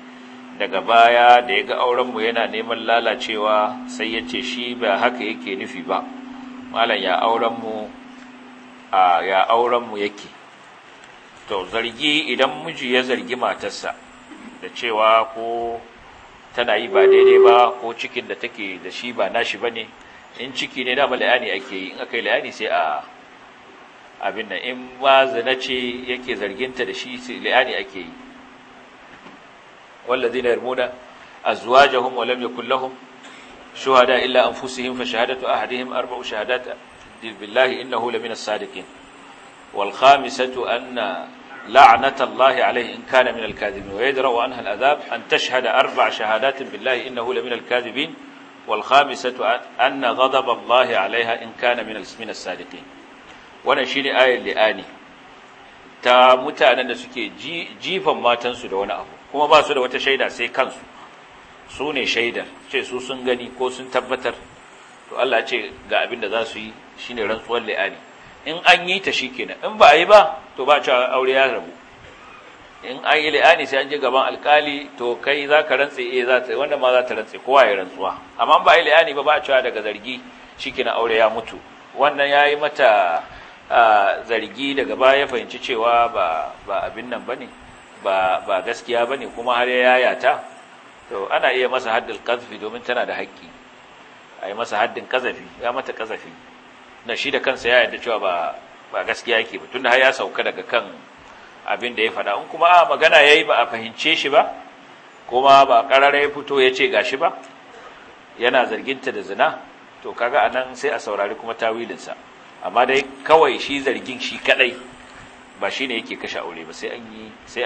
daga baya da ya ga aurenmu yana neman lalacewa sai ya ce shi ba haka yake nufi ba malam ya aurenmu a ya aurenmu yake to zargi idan miji ya zargi matarsa da cewa ko tana yi ba daidai ba ko cikin da take da shi ba nashi ba ne in ciki ne dama la'ani ake yi in aka yi la'ani sai a abin nan in ba zina ce yake zarginta da shi la'ani ake yi wallazina yarmuna azwajahum wa lam yakul lahum shuhada illa anfusihim fa shahadatu shine li'ani ta mutanen da suke jifan matansu da wani abu kuma ba su da wata shaida sai kansu su ne shaidar ce su sun gani ko sun tabbatar to Allah ce ga abin da za su yi shi ne rantsuwar li'ani in an yi ta kenan in ba a yi ba to ba cewa aure ya rabu in an yi li'ani sai an je gaban alkali to kai za ka rantse eh za ta wanda ma za ta rantse kowa ya rantsuwa amma ba a yi li'ani ba ba cewa daga zargi na aure ya mutu wannan ya yi mata ah, zargi daga ba ya fahimci cewa ba abin nan ba ne ba ba gaskiya bane kuma har ya yayata to ana iya masa haddul qazfi domin tana da haƙƙi ai masa haddin kazafi ya mata kazafi na shi da kansa ya yadda cewa ba ba gaskiya yake ba tunda har ya sauka daga kan abin da ya faɗa in kuma a magana ya yi, ba a fahimce shi ba kuma ba ƙarara ya fito ya ce ga shi ba yana zarginta da zina to kaga anan sai a saurari kuma tawilinsa amma dai kawai shi zargin shi kaɗai. ba shi ne yake kashe aure ba sai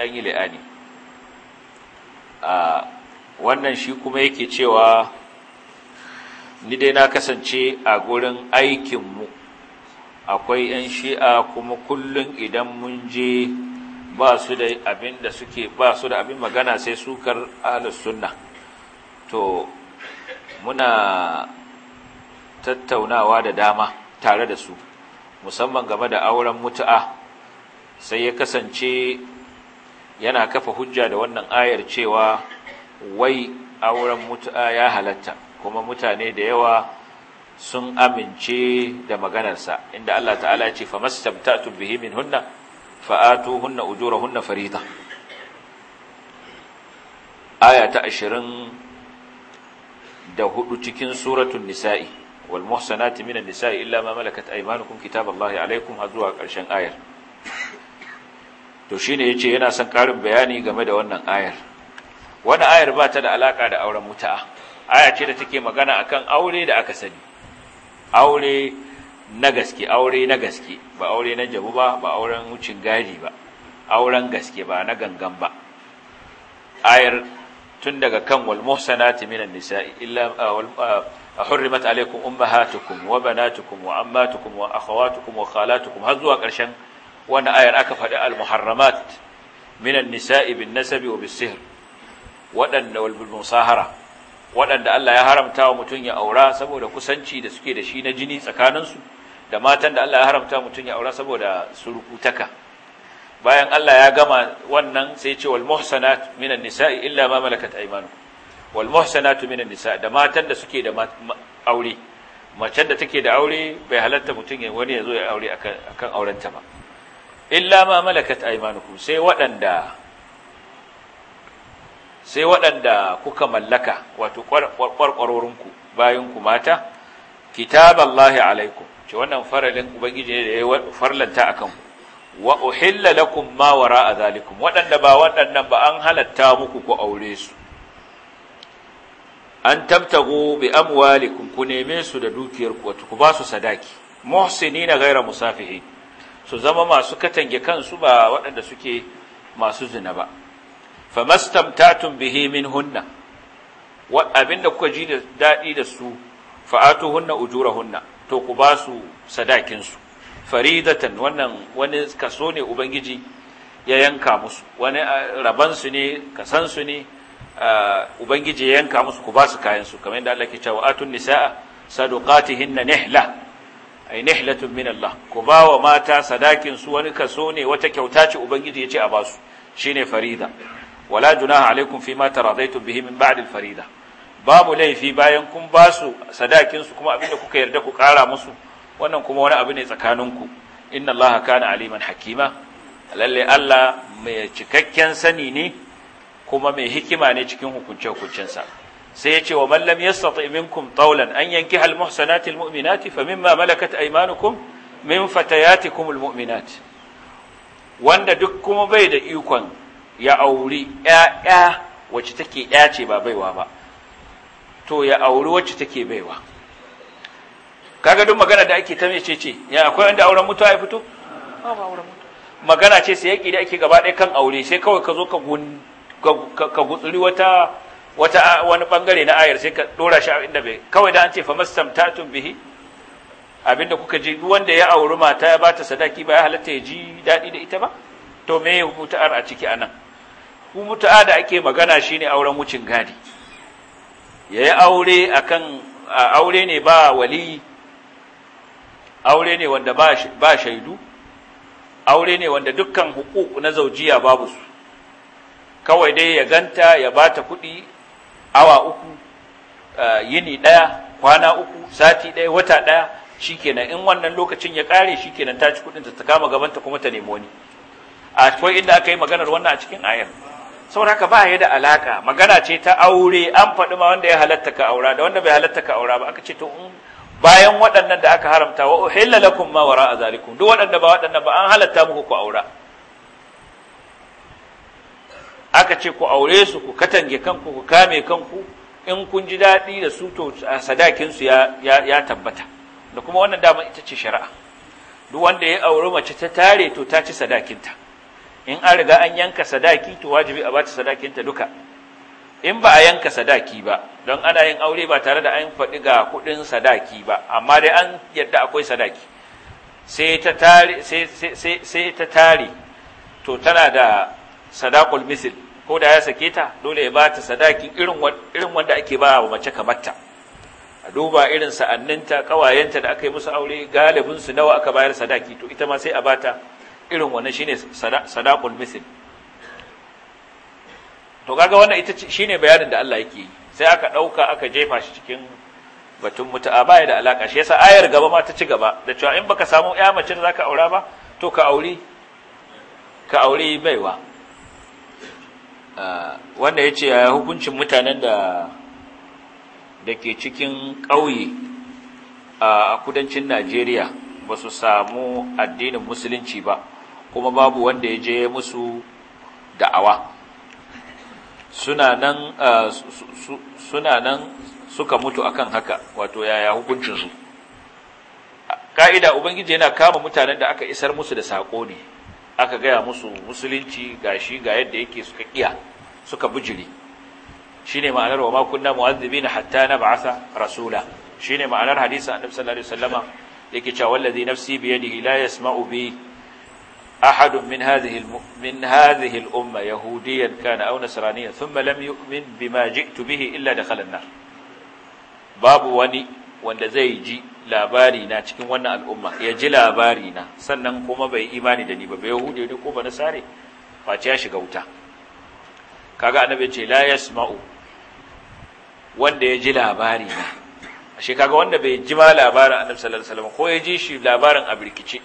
an yi la'ani a wannan shi kuma yake cewa ni dai na kasance a gurin aikinmu akwai 'yan shi'a kuma kullum idan mun je ba su da abin da suke ba su da abin magana sai sukar ahlus sunna to muna tattaunawa da dama tare da su musamman game da auren mutu'a sai ya kasance yana kafa hujja da wannan ayar cewa wai auren mutu'a ya halatta kuma mutane da yawa sun amince da maganarsa inda Allah ta'ala ya ce fa mastabta'tu bihi min hunna atu hunna ujurahunna farida aya ta 20 da hudu cikin suratul nisa'i wal muhsanati minan nisa'i illa ma malakat aymanukum kitaballahi alaikum hazuwa zuwa ƙarshen ayar to ya ce yana son karin bayani game da wannan ayar Wani ayar ba ta da alaka da auren muta aya ce da take magana akan aure da aka sani aure na gaske aure na gaske ba aure na jabu ba ba auren wucin gadi ba auren gaske ba na gangan ba ayar tun daga kan wal muhsanati minan nisa'i illa hurrimat alaykum ummahatukum wa banatukum wa ammatukum wa akhawatukum wa khalatukum har zuwa ƙarshen wannan ayar aka faɗi al-muharramat minan nisa'i bin nasabi wa bis sihr waɗanda wal musahara waɗanda Allah ya haramta wa mutum ya aura saboda kusanci da suke da shi na jini tsakaninsu da matan da Allah ya haramta mutum ya aura saboda surukutaka bayan Allah ya gama wannan sai ce wal muhsanat minan nisa'i illa ma malakat aymanukum wal muhsanatu minan nisa da matan da suke da aure macen da take da aure bai halatta mutum ya wani ya zo ya aure akan aurenta ba illa ma malakat aymanukum sai waɗanda sai waɗanda kuka mallaka wato kwarkwarorinku bayanku mata kitaballahi alaikum ce wannan faralin ubangiji ne da ya farlanta akan ku wa uhilla lakum ma wara'a zalikum waɗanda ba waɗannan ba an halatta muku ku aure su an tabtago bi amwalikum ku neme su da dukiyarku wato ku ba su sadaki muhsinina ghayra musafihin su zama masu katange kansu ba waɗanda suke masu zina ba famastamtatun bihi min hunna abinda kuka ji da daɗi da su fa'atu hunna ujura hunna to ku ba su sadakinsu faridatan wannan wani kaso ne ubangiji ya yanka musu wani rabansu ne kasansu ne ubangiji ya yanka musu ku ba su kayansu kamar yadda Allah ke cewa atun nisa'a saduqatihinna nihla ay nihlatun min Allah ku ba wa mata sadakin su wani kaso ne wata kyauta ce ubangiji ya ce a basu shine farida wala junaha alaikum fi ma bihi min ba'd al farida babu laifi bayan kun basu sadakin su kuma abinda kuka yarda ku kara musu wannan kuma wani abu ne tsakaninku inna allaha kana aliman hakima lalle Allah mai cikakken sani ne kuma mai hikima ne cikin hukunce hukuncensa sai ya ce wa mallam ya lam yastati minkum taulan an yanki hal muhsanati al mu'minati fa mimma malakat aymanukum min fatayatikum al mu'minat wanda duk kuma bai da ikon ya auri ƴaƴa wacce take ƴa ce ba baiwa ba to ya auri wacce take baiwa kaga duk magana da ake ta mece ce ya akwai wanda auren mutu ya fito magana ce sai yaki da ake gaba ɗaya kan aure sai kawai ka zo ka gutsuri wata wata wani bangare na ayar sai ka dora shi inda bai kawai da an ce fa mastamtatun bihi abinda kuka ji duk wanda ya auri mata ya bata sadaki ba ya halatta ya ji dadi da ita ba to me ya a ciki anan ku mutu'a da ake magana shine auren wucin gadi yayi aure akan aure ne ba wali aure ne wanda ba ba shaidu aure ne wanda dukkan hukuku na zaujiya babu su kawai dai ya ganta ya bata kuɗi awa uku eh, yini ɗaya kwana uku sati ɗaya wata ɗaya shikenan in wannan lokacin ya ƙare shikenan ta ci kuɗin ta ta kama gabanta kuma ta nemi wani akwai inda aka yi maganar wannan a cikin ayar saboda haka ba ya da alaka magana ce ta aure an faɗi ma wanda ya halatta ka aura da wanda bai halatta ka aura ba aka ce to bayan waɗannan da aka haramta wa uhilla lakum ma wara'a zalikum duk waɗanda ba waɗannan ba an halatta muku ku aura aka ce ku aure su ku katange kanku ku kame kanku in kun ji daɗi da su to sadakinsu ya tabbata da kuma wannan dama ita ce shari'a duk wanda ya aure mace ta tare to ta ci sadakinta in an riga an yanka sadaki to wajibi a bata sadakinta duka in ba a yanka sadaki ba don ana yin aure ba tare da an faɗi ga kuɗin sadaki ba amma dai an yadda akwai sadaki sai ta tare to tana da sadakul misil ko da ya sake ta dole ya bata sadaki irin irin wanda ake ba wa mace kamar ta a duba irin sa'anninta kawayenta da aka yi musu aure galibin su nawa aka bayar sadaki to ita ma sai a bata irin wannan shine sadaqul misl to kaga wannan ita shine bayanin da Allah yake yi sai aka dauka aka jefa shi cikin batun mutu'a baya da alaka shi yasa ayar gaba ma ta ci gaba da cewa in baka samu 'ya mace da zaka aura ba to ka aure ka aure baiwa Ah, wanda ya ce ya hukuncin mutanen da da ke cikin ƙauye a kudancin najeriya ba su samu addinin musulunci ba kuma babu wanda ya je musu da'awa suna nan suna nan suka mutu akan haka wato yaya hukuncinsu ka'ida ubangiji yana kama mutanen da aka isar musu da saƙo ne aka gaya musu musulunci shi ga yadda yake suka iya suka Shi shine ma'anar wa ma kunna na hatta nab'atha rasula shine ma'anar hadisi annabi sallallahu alaihi wasallama yake cewa wallazi nafsi bi yadihi la yasma'u bi ahadun min min umma yahudiyan kana aw nasraniyan thumma lam yu'min bima bihi illa da an babu wani wanda zai ji labari na cikin wannan al'umma ya ji labari na sannan kuma bai imani da ni ba bai hude ne ko ba na sare? face ya shiga wuta kaga annabi ce la yasma'u wanda ya ji labari na ashe kaga wanda bai ji ma labarin annabi sallallahu alaihi wasallam ko ya ji shi labarin a birkice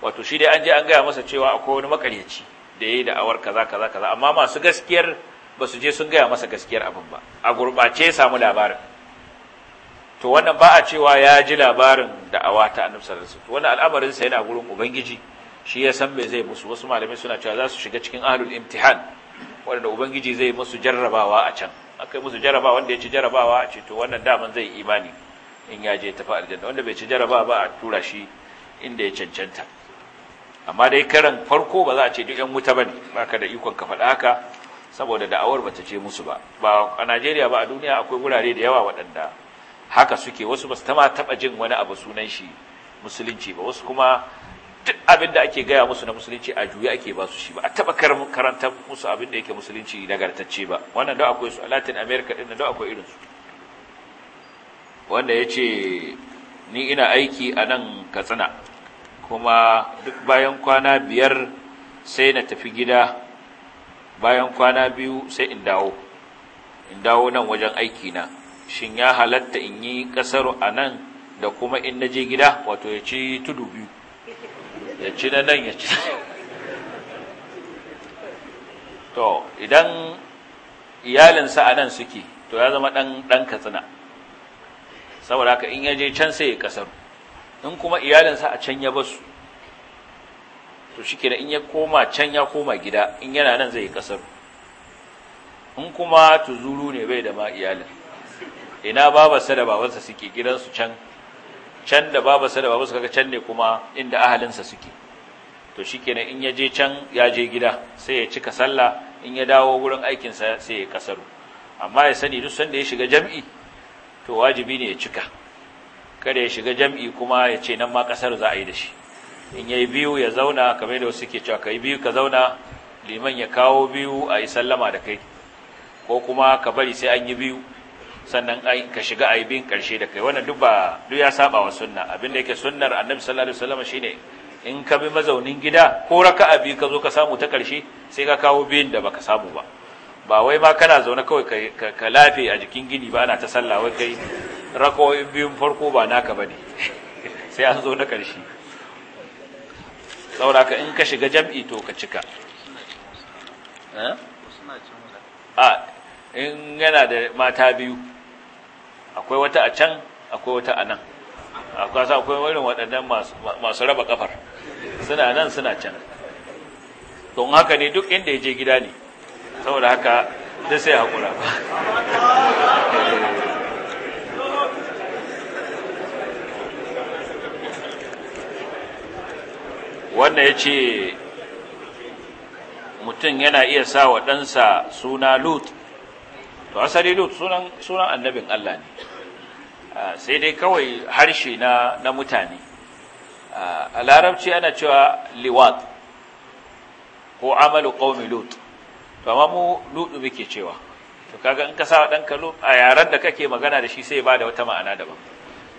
wato shi dai an je an gaya masa cewa akwai wani makaryaci da yayi da'awar kaza kaza kaza amma masu gaskiyar ba su je sun gaya masa gaskiyar abin ba a gurbace samu labarin to wannan ba a cewa ya ji labarin da'awa ta annabi sallallahu wannan al'amarin sa yana gurin ubangiji shi ya san me zai musu wasu malamai suna cewa za su shiga cikin ahlul imtihan wanda ubangiji zai musu jarrabawa a can akai musu jarrabawa wanda ya ci jarrabawa a ce to wannan daman zai imani in ya je tafi aljanna wanda bai ci jarrabawa ba a tura shi inda ya cancanta amma dai karan farko ba za a ce duk yan wuta bane baka da ikon ka faɗa haka saboda da'awar bata ce musu ba ba a Najeriya ba a duniya akwai wurare da yawa waɗanda haka suke wasu basu su tama taɓa jin wani abu sunan shi musulunci ba wasu kuma duk abin da ake gaya musu na musulunci a juya ake ba su shi ba a taba karanta musu abin da yake musulunci nagartacce ba wannan da akwai su a latin america din da akwai su wanda ya ce ni ina aiki a nan katsina kuma duk bayan kwana biyar sai na tafi gida bayan kwana biyu sai in dawo in dawo nan wajen aiki na shin ya halatta in yi kasar a nan da kuma in na je gida wato ya ci tudu biyu ya ci na nan ya ci to idan iyalinsa a nan suke to ya zama ɗan katsina saboda haka in ya je can sai ya kasar in kuma iyalinsa a can ya basu to shi in ya koma can ya koma gida in yana nan zai yi ƙasar in kuma tuzuru ne bai da ma iyalin ina babarsa da babansa suke gidansu can can da babarsa da babansa kaga can ne kuma inda ahalinsa suke to shikenan in ya je can ya je gida sai ya cika sallah in ya dawo gurin aikinsa sai ya kasaru amma ya sani duk sanda ya shiga jam'i to wajibi ne ya cika kada ya shiga jam'i kuma ya ce nan ma kasar za a yi da shi in yayi biyu ya zauna kamar da suke cewa kai biyu ka zauna liman ya kawo biyu a yi sallama da kai ko kuma ka bari sai an yi biyu sannan ai ka shiga bin karshe da kai wannan duk ba duk ya saba wa sunna da yake sunnar annabi sallallahu alaihi wasallam shine in ka bi mazaunin gida ko raka'a biyu ka zo ka samu ta karshe sai ka kawo biyun da baka samu ba ba wai ma kana zaune kawai ka lafe a jikin gini ba ana ta sallah wai kai rako'in biyun farko ba naka bane sai an zo na karshe saboda ka in ka shiga jam'i to ka cika eh? a in yana da mata biyu akwai wata a can akwai wata a nan akwai akwai irin waɗannan masu raba kafar suna nan suna can don haka ne duk inda ya je gida ne saboda haka da sai haƙura wannan ya ce mutum yana iya sa wa ɗansa suna lut to asali lut sunan sunan annabin Allah ne ah, sai dai kawai harshe na na mutane ah, a larabci ana cewa liwat ko amalu qaumi lut to amma mu lut muke cewa to kaga in ka sa ka lut a yaran da kake magana da shi sai ba da wata ma'ana daban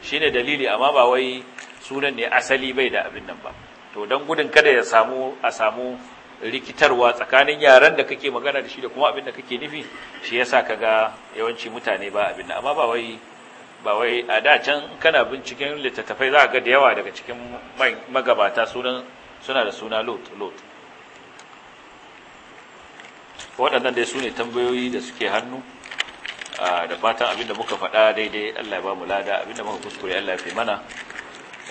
shine dalili amma ba wai sunan ne asali bai da abin nan ba to dan gudun kada ya samu a samu rikitarwa tsakanin yaran da kake magana da shi da kuma abin da kake nufi shi yasa kaga yawanci mutane ba abin amma ba wai ba wai a da can kana binciken littattafai za ga da yawa daga cikin magabata sunan suna da suna lot lot waɗannan dai su ne tambayoyi da suke hannu da fatan abin da muka faɗa daidai Allah ya ba mu lada da muka kuskure Allah ya fi mana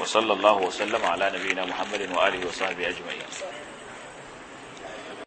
wa sallallahu wa sallama ala nabiyina Muhammadin wa alihi wa sahbihi ajma'in